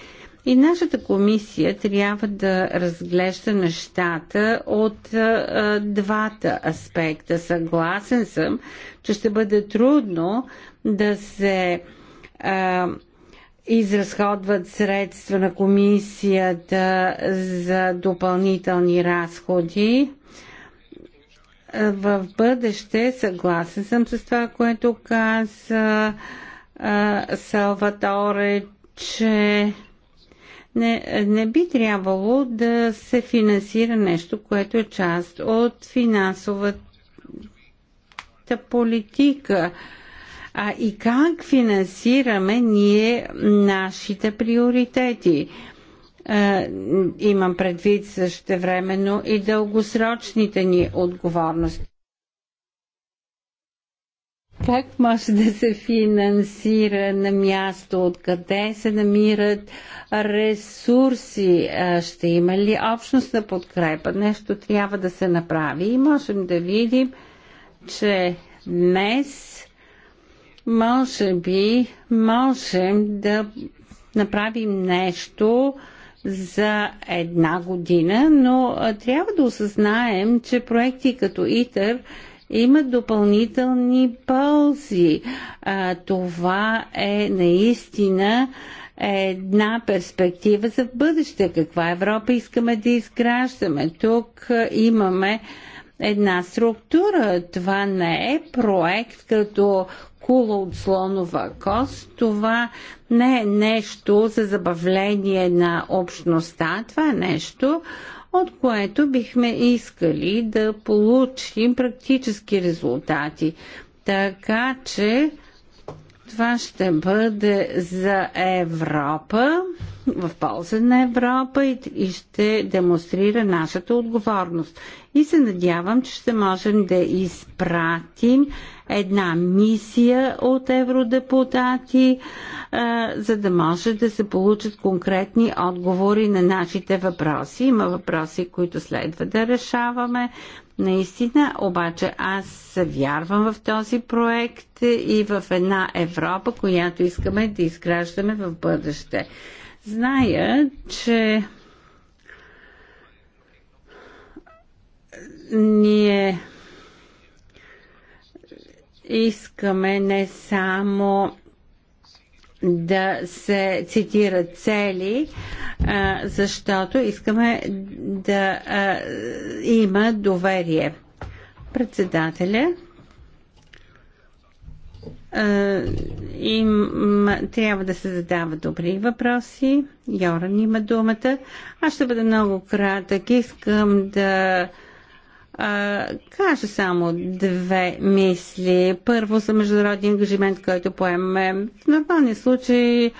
И нашата комисия трябва да разглежда нещата от а, двата аспекта. Съгласен съм, че ще бъде трудно да се а, изразходват средства на комисията за допълнителни разходи. В бъдеще съгласен съм с това, което каза Салваторе, че не, не би трябвало да се финансира нещо, което е част от финансовата политика. А и как финансираме ние нашите приоритети? Е, имам предвид също времено и дългосрочните ни отговорности. Как може да се финансира на място? Откъде се намират ресурси? Ще има ли общност на подкрепа? Нещо трябва да се направи и можем да видим, че днес може би можем да направим нещо за една година, но трябва да осъзнаем, че проекти като ИТЕР имат допълнителни пълзи. А, това е наистина една перспектива за бъдеще. Каква Европа искаме да изграждаме? Тук имаме една структура. Това не е проект като кула от слонова кост. Това не е нещо за забавление на общността. Това е нещо, от което бихме искали да получим практически резултати. Така че това ще бъде за Европа, в полза на Европа и, ще демонстрира нашата отговорност. И се надявам, че ще можем да изпратим една мисия от евродепутати, за да може да се получат конкретни отговори на нашите въпроси. Има въпроси, които следва да решаваме. Наистина, обаче аз вярвам в този проект и в една Европа, която искаме да изграждаме в бъдеще. Зная, че ние искаме не само да се цитират цели, защото искаме да има доверие. Председателя им, трябва да се задават добри въпроси. Йоран има думата. Аз ще бъда много кратък. Искам да а, кажа само две мисли. Първо за международния ангажимент, който поемаме. В нормални случаи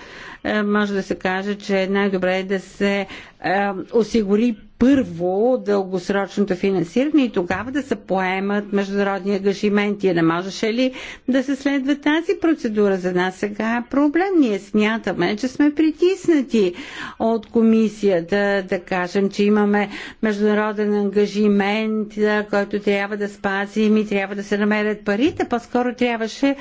а, може да се каже, че най-добре е да се а, осигури първо дългосрочното финансиране и тогава да се поемат международни ангажименти. Не можеше ли да се следва тази процедура за нас сега е проблем? Ние смятаме, че сме притиснати от комисията, да кажем, че имаме международен ангажимент, който трябва да спазим и трябва да се намерят парите. По-скоро трябваше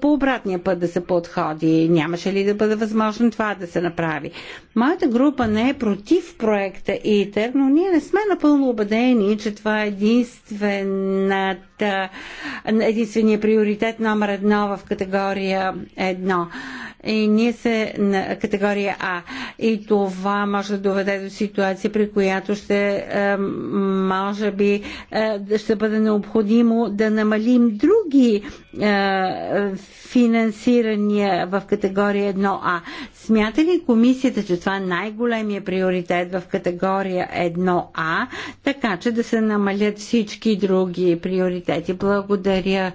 по обратния път да се подходи. Нямаше ли да бъде възможно това да се направи? Моята група не е против проекта ИТЕ, но Ние не сме напълно убедени, че това е единствената, единствения приоритет номер едно в категория едно и ние се на категория А. И това може да доведе до ситуация, при която ще е, може би е, ще бъде необходимо да намалим други е, финансирания в категория 1А. Смята ли комисията, че това е най-големия приоритет в категория 1А, така че да се намалят всички други приоритети? Благодаря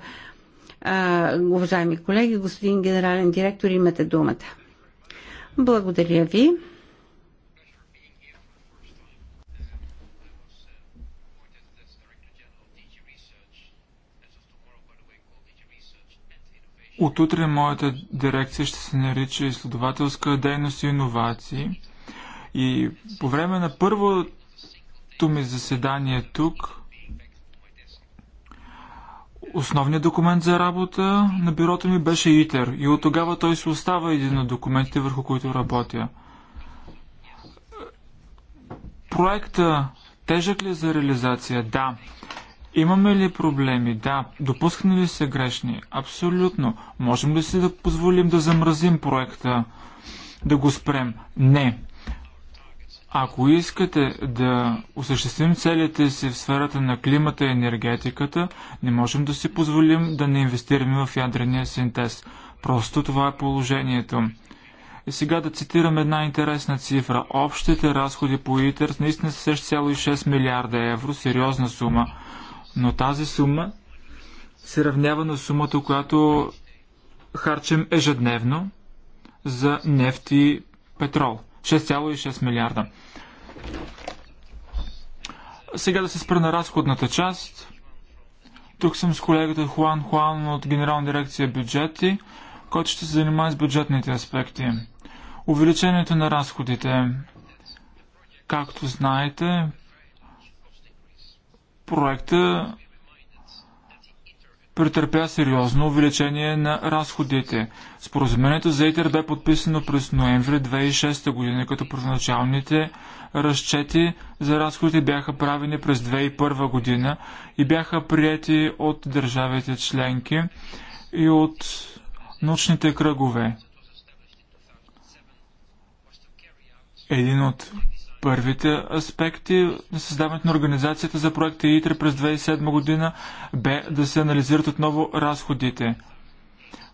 уважаеми колеги, господин генерален директор, имате думата. Благодаря ви. Отутре моята дирекция ще се нарича изследователска дейност и иновации. И по време на първото ми заседание тук Основният документ за работа на бюрото ми беше ИТЕР и от тогава той се остава един от документите, върху които работя. Проекта тежък ли е за реализация? Да. Имаме ли проблеми? Да. Допускани ли се грешни? Абсолютно. Можем ли си да позволим да замразим проекта? Да го спрем? Не. Ако искате да осъществим целите си в сферата на климата и енергетиката, не можем да си позволим да не инвестираме в ядрения синтез. Просто това е положението. И сега да цитирам една интересна цифра. Общите разходи по ИТЕРС наистина са 6,6 милиарда евро, сериозна сума. Но тази сума се равнява на сумата, която харчим ежедневно за нефт и петрол. 6,6 милиарда. Сега да се спра на разходната част. Тук съм с колегата Хуан Хуан от Генерална дирекция бюджети, който ще се занимава с бюджетните аспекти. Увеличението на разходите. Както знаете, проекта претърпя сериозно увеличение на разходите. Споразумението за ИТЕР бе подписано през ноември 2006 година, като първоначалните разчети за разходите бяха правени през 2001 година и бяха прияти от държавите членки и от научните кръгове. Един от Първите аспекти на създаването на организацията за проекта ИТР през 2007 година бе да се анализират отново разходите,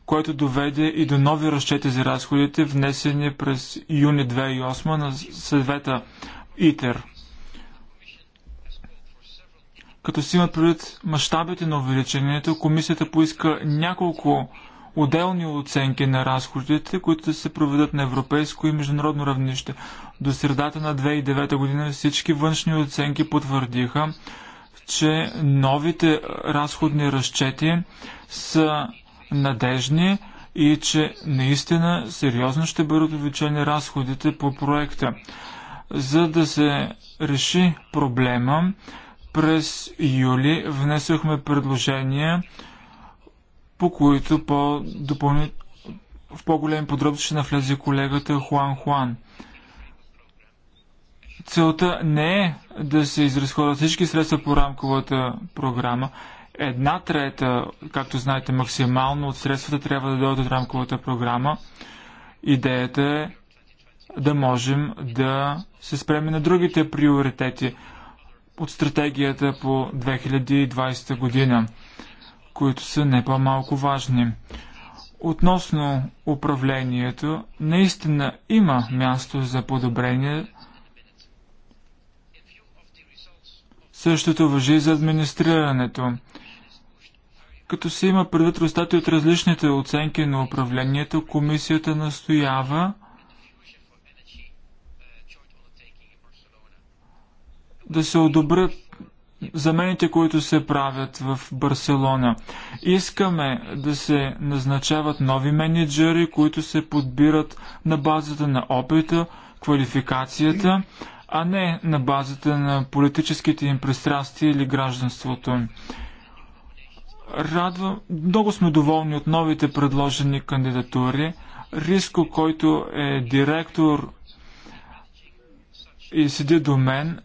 което доведе и до нови разчети за разходите, внесени през юни 2008 на съвета ИТЕР. Като си имат предвид мащабите на увеличението, комисията поиска няколко отделни оценки на разходите, които да се проведат на европейско и международно равнище. До средата на 2009 година всички външни оценки потвърдиха, че новите разходни разчети са надежни и че наистина сериозно ще бъдат увеличени разходите по проекта. За да се реши проблема, през юли внесохме предложение по които по допълни... в по-големи подробности ще навлезе колегата Хуан Хуан. Целта не е да се изразходят всички средства по рамковата програма. Една трета, както знаете, максимално от средствата трябва да дойдат от рамковата програма. Идеята е да можем да се спреме на другите приоритети от стратегията по 2020 година които са не по-малко важни. Относно управлението, наистина има място за подобрение. Същото въжи за администрирането. Като се има предвид резултати от различните оценки на управлението, комисията настоява да се одобрят замените, които се правят в Барселона. Искаме да се назначават нови менеджери, които се подбират на базата на опита, квалификацията, а не на базата на политическите им пристрастия или гражданството Радва, много сме доволни от новите предложени кандидатури. Риско, който е директор и седи до мен,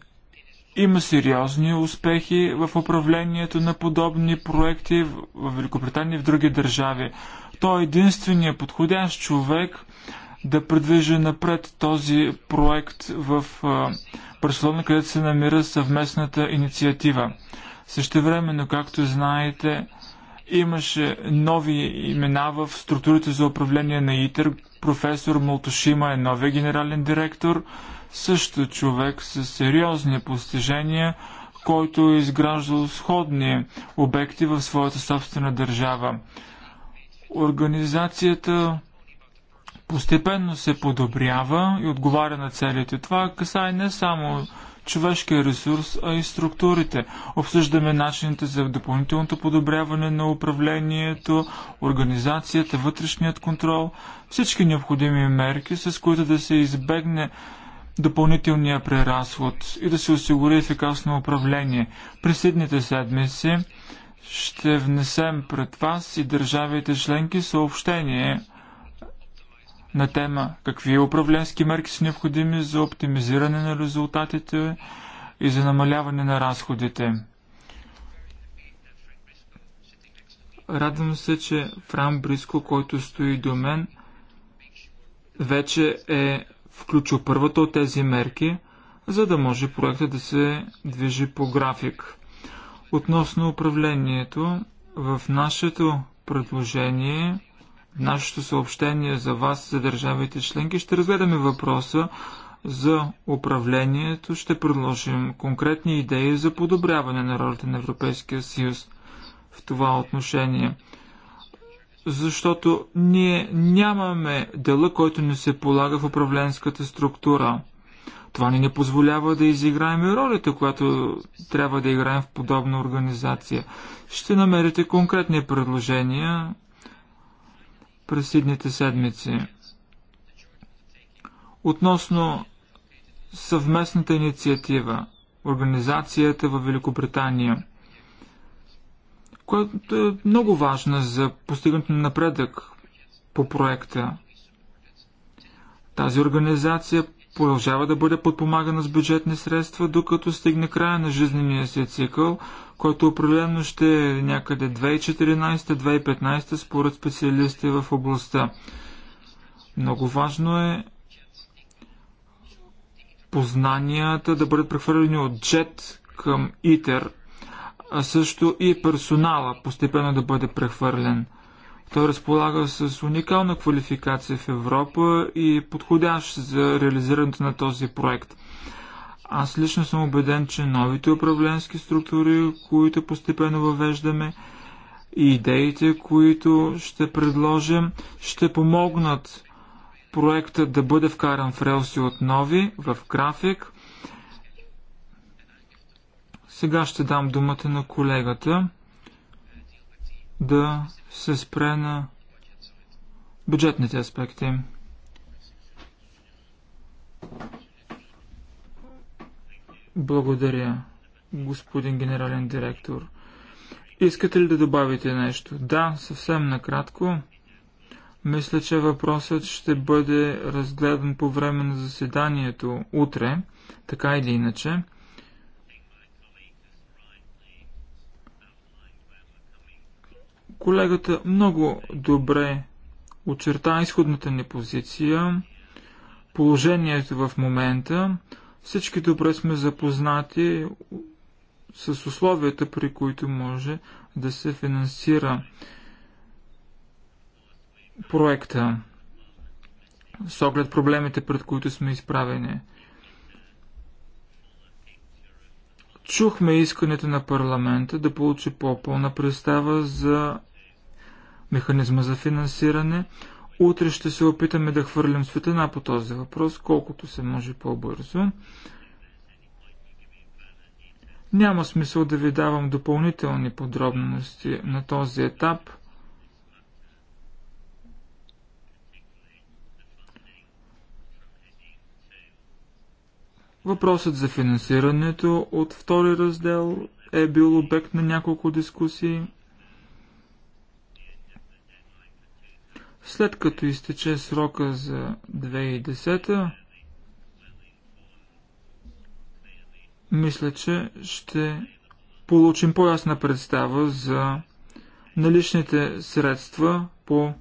има сериозни успехи в управлението на подобни проекти в Великобритания и в други държави. Той е единственият подходящ човек да предвижи напред този проект в Барселона, където се намира съвместната инициатива. Същевременно, както знаете, имаше нови имена в структурите за управление на ИТЕР. Професор Молтошима е новия генерален директор – също човек с сериозни постижения, който е изграждал сходни обекти в своята собствена държава. Организацията постепенно се подобрява и отговаря на целите. Това касае не само човешкия ресурс, а и структурите. Обсъждаме начините за допълнителното подобряване на управлението, организацията, вътрешният контрол, всички необходими мерки, с които да се избегне допълнителния преразход и да се осигури ефикасно управление. През следните седмици ще внесем пред вас и държавите членки съобщение на тема какви управленски мерки са необходими за оптимизиране на резултатите и за намаляване на разходите. Радвам се, че Фран Бриско, който стои до мен, вече е включил първата от тези мерки, за да може проектът да се движи по график. Относно управлението, в нашето предложение, в нашето съобщение за вас, за държавите членки, ще разгледаме въпроса за управлението, ще предложим конкретни идеи за подобряване на ролята на Европейския съюз в това отношение – защото ние нямаме дела, който ни се полага в управленската структура. Това ни не позволява да изиграем и ролята, която трябва да играем в подобна организация. Ще намерите конкретни предложения през следните седмици. Относно съвместната инициатива, организацията във Великобритания – която е много важна за постигането на напредък по проекта. Тази организация продължава да бъде подпомагана с бюджетни средства, докато стигне края на жизнения си цикъл, който определено ще е някъде 2014-2015 според специалисти в областта. Много важно е познанията да бъдат прехвърлени от JET към ИТЕР а също и персонала постепенно да бъде прехвърлен. Той разполага с уникална квалификация в Европа и подходящ за реализирането на този проект. Аз лично съм убеден, че новите управленски структури, които постепенно въвеждаме и идеите, които ще предложим, ще помогнат проектът да бъде вкаран в релси отнови, в график сега ще дам думата на колегата да се спре на бюджетните аспекти. Благодаря, господин генерален директор. Искате ли да добавите нещо? Да, съвсем накратко. Мисля, че въпросът ще бъде разгледан по време на заседанието утре, така или иначе. Колегата много добре очерта изходната ни позиция, положението в момента. Всички добре сме запознати с условията, при които може да се финансира проекта с оглед проблемите, пред които сме изправени. Чухме искането на парламента да получи по-пълна представа за механизма за финансиране. Утре ще се опитаме да хвърлим светлина по този въпрос, колкото се може по-бързо. Няма смисъл да ви давам допълнителни подробности на този етап. Въпросът за финансирането от втори раздел е бил обект на няколко дискусии. След като изтече срока за 2010 мисля, че ще получим по-ясна представа за наличните средства по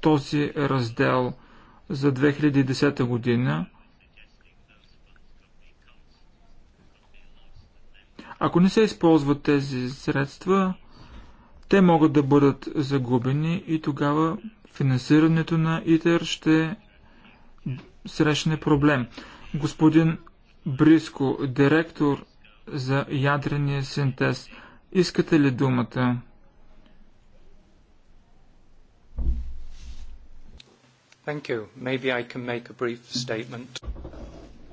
този раздел за 2010 година. Ако не се използват тези средства, те могат да бъдат загубени и тогава финансирането на ИТЕР ще срещне проблем. Господин Бриско, директор за ядрения синтез, искате ли думата?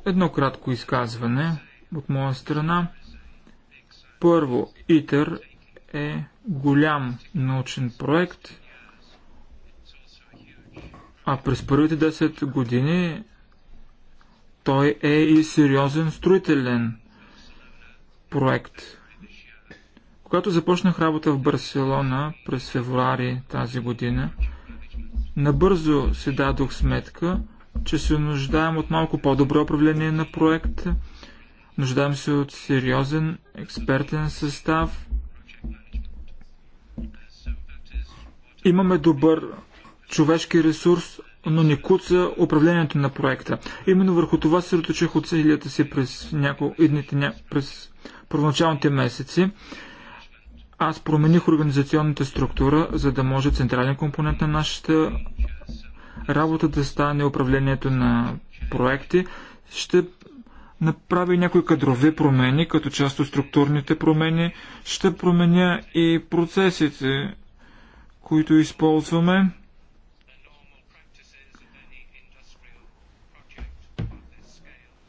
Едно кратко изказване от моя страна. Първо, ИТЕР е голям научен проект – а през първите 10 години той е и сериозен строителен проект. Когато започнах работа в Барселона през февруари тази година, набързо си дадох сметка, че се нуждаем от малко по-добро управление на проекта, нуждаем се от сериозен експертен състав. Имаме добър човешки ресурс, но не куца управлението на проекта. Именно върху това се от целията си през, няко... едните, ня... през първоначалните месеци. Аз промених организационната структура, за да може централен компонент на нашата работа да стане управлението на проекти. Ще направи някои кадрови промени, като част от структурните промени. Ще променя и процесите, които използваме.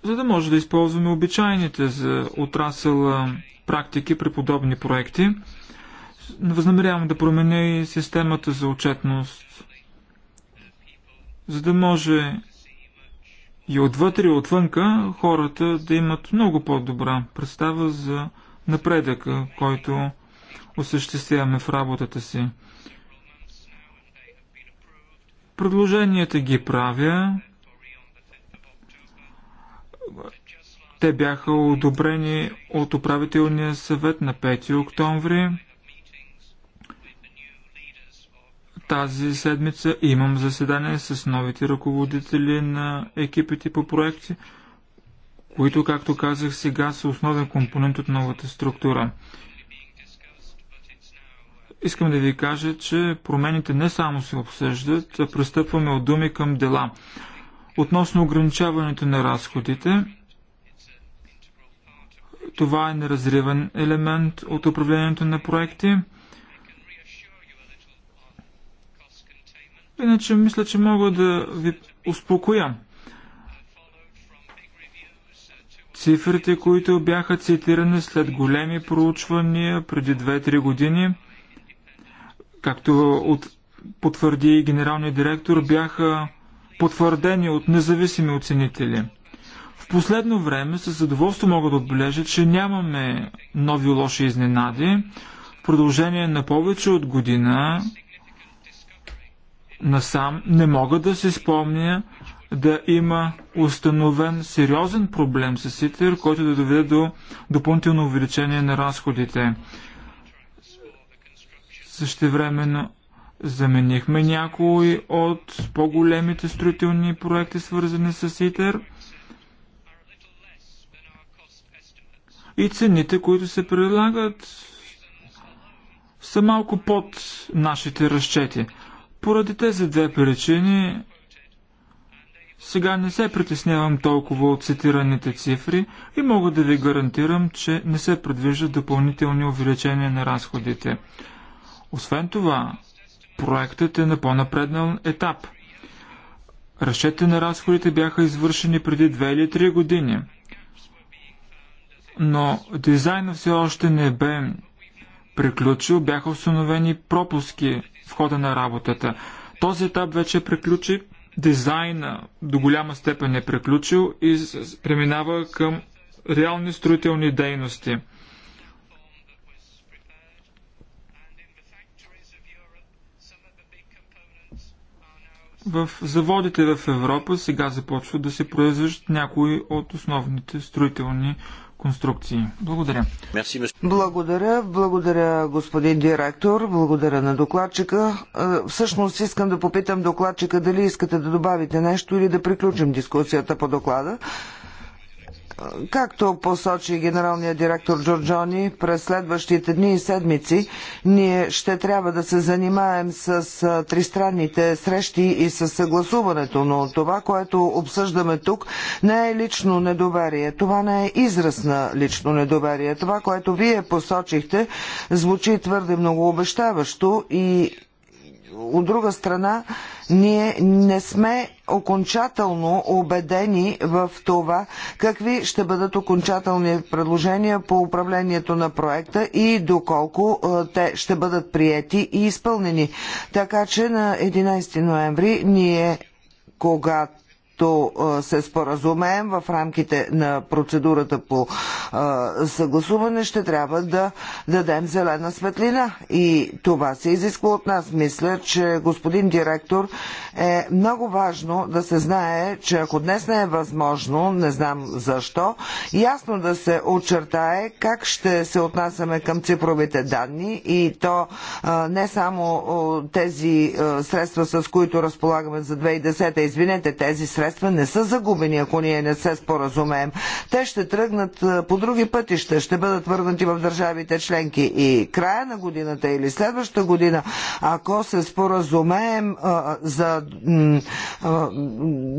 за да може да използваме обичайните за отрасъл практики при подобни проекти. Възнамерявам да променя и системата за отчетност, за да може и отвътре и отвънка хората да имат много по-добра представа за напредъка, който осъществяваме в работата си. Предложенията ги правя, те бяха одобрени от управителния съвет на 5 октомври. Тази седмица имам заседание с новите ръководители на екипите по проекти, които, както казах сега, са основен компонент от новата структура. Искам да ви кажа, че промените не само се обсъждат, а пристъпваме от думи към дела. Относно ограничаването на разходите, това е неразривен елемент от управлението на проекти. Иначе мисля, че мога да ви успокоя. Цифрите, които бяха цитирани след големи проучвания преди 2-3 години, както от, потвърди генералният директор, бяха потвърдени от независими оценители. В последно време със задоволство мога да отбележа, че нямаме нови лоши изненади. В продължение на повече от година насам не мога да се спомня да има установен сериозен проблем с ИТЕР, който да доведе до допълнително увеличение на разходите. Същевременно Заменихме някои от по-големите строителни проекти, свързани с ИТЕР. И цените, които се предлагат, са малко под нашите разчети. Поради тези две причини, сега не се притеснявам толкова от цитираните цифри и мога да ви гарантирам, че не се предвиждат допълнителни увеличения на разходите. Освен това, проектът е на по-напреднал етап. Разчетите на разходите бяха извършени преди 2 или 3 години, но дизайна все още не бе приключил, бяха установени пропуски в хода на работата. Този етап вече приключи, дизайна до голяма степен е приключил и преминава към реални строителни дейности – В заводите в Европа сега започват да се произвеждат някои от основните строителни конструкции. Благодаря. Благодаря, благодаря господин директор, благодаря на докладчика. Всъщност искам да попитам докладчика дали искате да добавите нещо или да приключим дискусията по доклада. Както посочи генералният директор Джорджони, през следващите дни и седмици ние ще трябва да се занимаем с тристранните срещи и с съгласуването, но това, което обсъждаме тук, не е лично недоверие. Това не е израз на лично недоверие. Това, което вие посочихте, звучи твърде многообещаващо и от друга страна, ние не сме окончателно убедени в това какви ще бъдат окончателни предложения по управлението на проекта и доколко е, те ще бъдат приети и изпълнени. Така че на 11 ноември ние когато като се споразумеем в рамките на процедурата по съгласуване, ще трябва да дадем зелена светлина. И това се изисква от нас. Мисля, че господин директор е много важно да се знае, че ако днес не е възможно, не знам защо, ясно да се очертае как ще се отнасяме към цифровите данни и то не само тези средства, с които разполагаме за 2010, извинете, тези средства, средства не са загубени, ако ние не се споразумеем. Те ще тръгнат по други пътища, ще бъдат върнати в държавите членки и края на годината или следващата година, ако се споразумеем за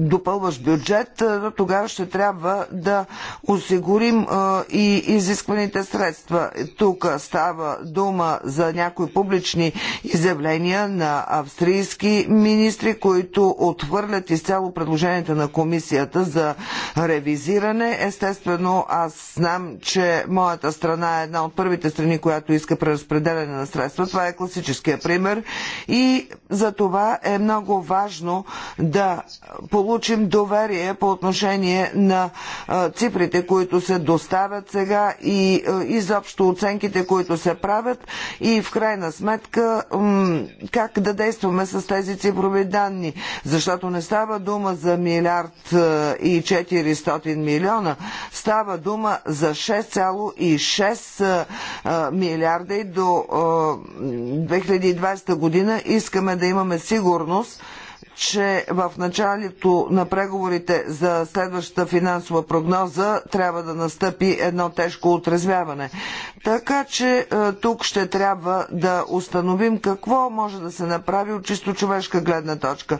допълващ бюджет, тогава ще трябва да осигурим и изискваните средства. Тук става дума за някои публични изявления на австрийски министри, които отвърлят изцяло предложението заседанията на комисията за ревизиране. Естествено, аз знам, че моята страна е една от първите страни, която иска преразпределяне на средства. Това е класическия пример. И за това е много важно да получим доверие по отношение на цифрите, които се доставят сега и изобщо оценките, които се правят и в крайна сметка как да действаме с тези цифрови данни. Защото не става дума за милиард е, и 400 милиона. Става дума за 6,6 е, е, милиарда и до 2020 година искаме да имаме сигурност, че в началото на преговорите за следващата финансова прогноза трябва да настъпи едно тежко отрезвяване. Така че е, тук ще трябва да установим какво може да се направи от чисто човешка гледна точка.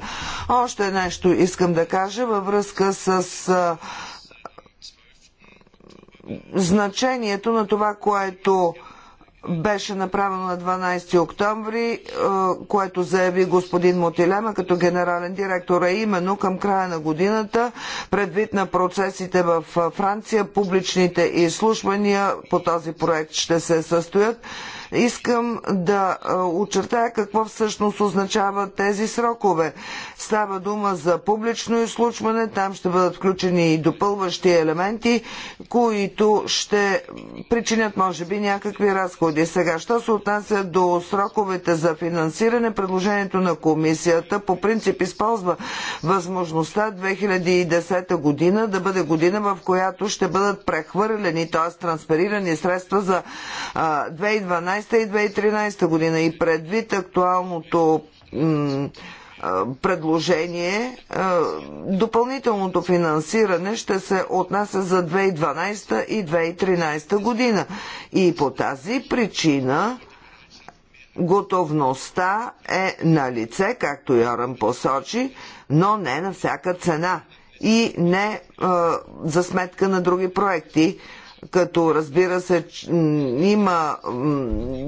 Още нещо искам да кажа във връзка с е, значението на това, което беше направено на 12 октомври, е, което заяви господин Мотилема като генерален директор, а именно към края на годината, предвид на процесите в е, Франция, публичните изслушвания по този проект ще се състоят. Искам да е, очертая какво всъщност означават тези срокове. Става дума за публично изслушване, там ще бъдат включени и допълващи елементи, които ще причинят, може би, някакви разходи. Сега, що се отнася до сроковете за финансиране, предложението на комисията по принцип използва възможността 2010 година да бъде година, в която ще бъдат прехвърлени, т.е. трансферирани средства за 2012 и 2013 година. И предвид актуалното предложение допълнителното финансиране ще се отнася за 2012 и 2013 година. И по тази причина готовността е на лице, както Йоран посочи, но не на всяка цена и не за сметка на други проекти като разбира се, има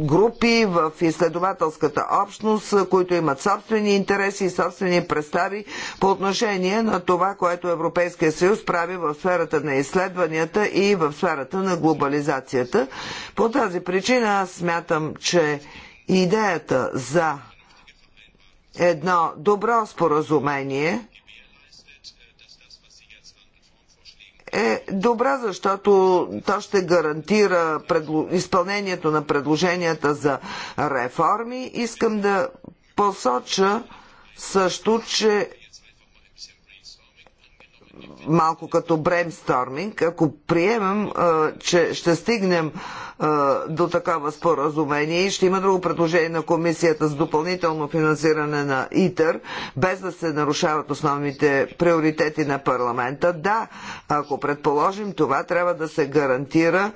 групи в изследователската общност, които имат собствени интереси и собствени представи по отношение на това, което Европейския съюз прави в сферата на изследванията и в сферата на глобализацията. По тази причина аз смятам, че идеята за едно добро споразумение – е добра, защото то ще гарантира изпълнението на предложенията за реформи. Искам да посоча също, че малко като брейнсторминг. Ако приемем, че ще стигнем до такова споразумение и ще има друго предложение на комисията с допълнително финансиране на ИТЕР, без да се нарушават основните приоритети на парламента, да, ако предположим това, трябва да се гарантира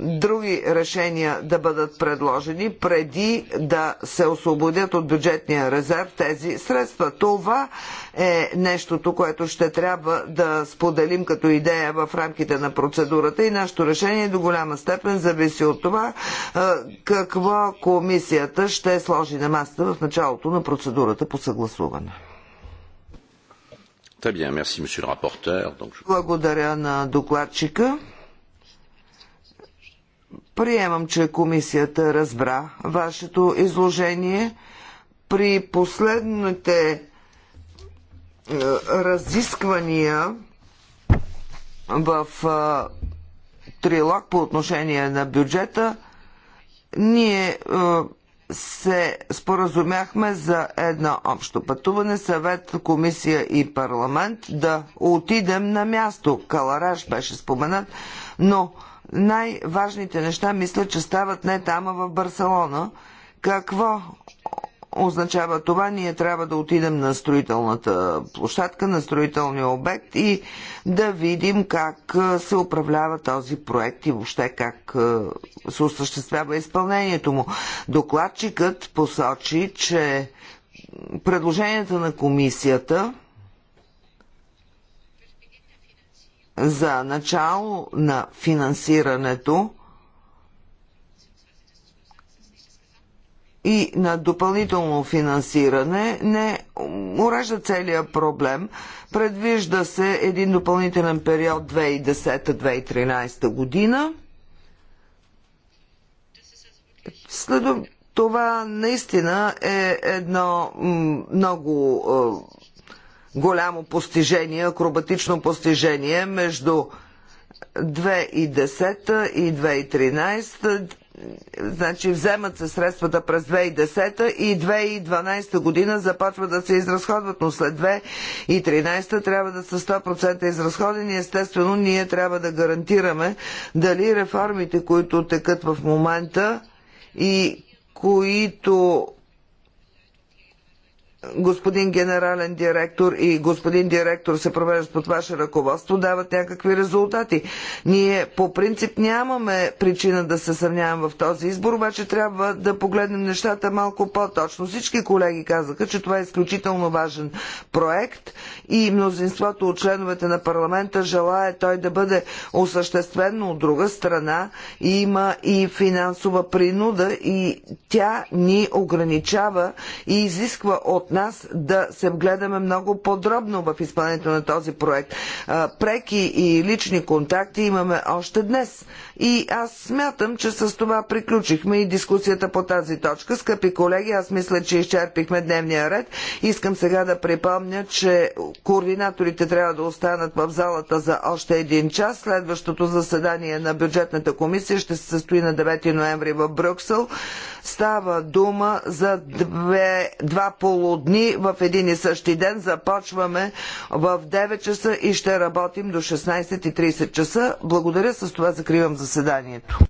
други решения да бъдат предложени преди да се освободят от бюджетния резерв тези средства. Това е нещото, което ще трябва да споделим като идея в рамките на процедурата и нашето решение до голяма степен зависи от това е, какво комисията ще сложи на масата в началото на процедурата по съгласуване. Благодаря на докладчика. Приемам, че комисията разбра вашето изложение. При последните е, разисквания в е, трилог по отношение на бюджета, ние е, се споразумяхме за едно общо пътуване, съвет, комисия и парламент да отидем на място. Калараш беше споменат, но е, най-важните неща мисля, че стават не там, а в Барселона. Какво означава това? Ние трябва да отидем на строителната площадка, на строителния обект и да видим как се управлява този проект и въобще как се осъществява изпълнението му. Докладчикът посочи, че предложенията на комисията – за начало на финансирането и на допълнително финансиране не урежда целият проблем. Предвижда се един допълнителен период 2010-2013 година. След това наистина е едно много е, голямо постижение, акробатично постижение между 2010 и 2013. Значи вземат се средствата през 2010 и 2012 година започва да се изразходват, но след 2013 трябва да са 100% изразходени. Естествено, ние трябва да гарантираме дали реформите, които текат в момента и които господин генерален директор и господин директор се провеждат под ваше ръководство, дават някакви резултати. Ние по принцип нямаме причина да се съмнявам в този избор, обаче трябва да погледнем нещата малко по-точно. Всички колеги казаха, че това е изключително важен проект и мнозинството от членовете на парламента желая той да бъде осъществен, но от друга страна има и финансова принуда и тя ни ограничава и изисква от от нас да се вгледаме много подробно в изпълнението на този проект. Преки и лични контакти имаме още днес. И аз смятам, че с това приключихме и дискусията по тази точка. Скъпи колеги, аз мисля, че изчерпихме дневния ред. Искам сега да припомня, че координаторите трябва да останат в залата за още един час. Следващото заседание на бюджетната комисия ще се състои на 9 ноември в Брюксел. Става дума за две, два полудни в един и същи ден. Започваме в 9 часа и ще работим до 16.30 часа. Благодаря. С това закривам заседанието заседанието.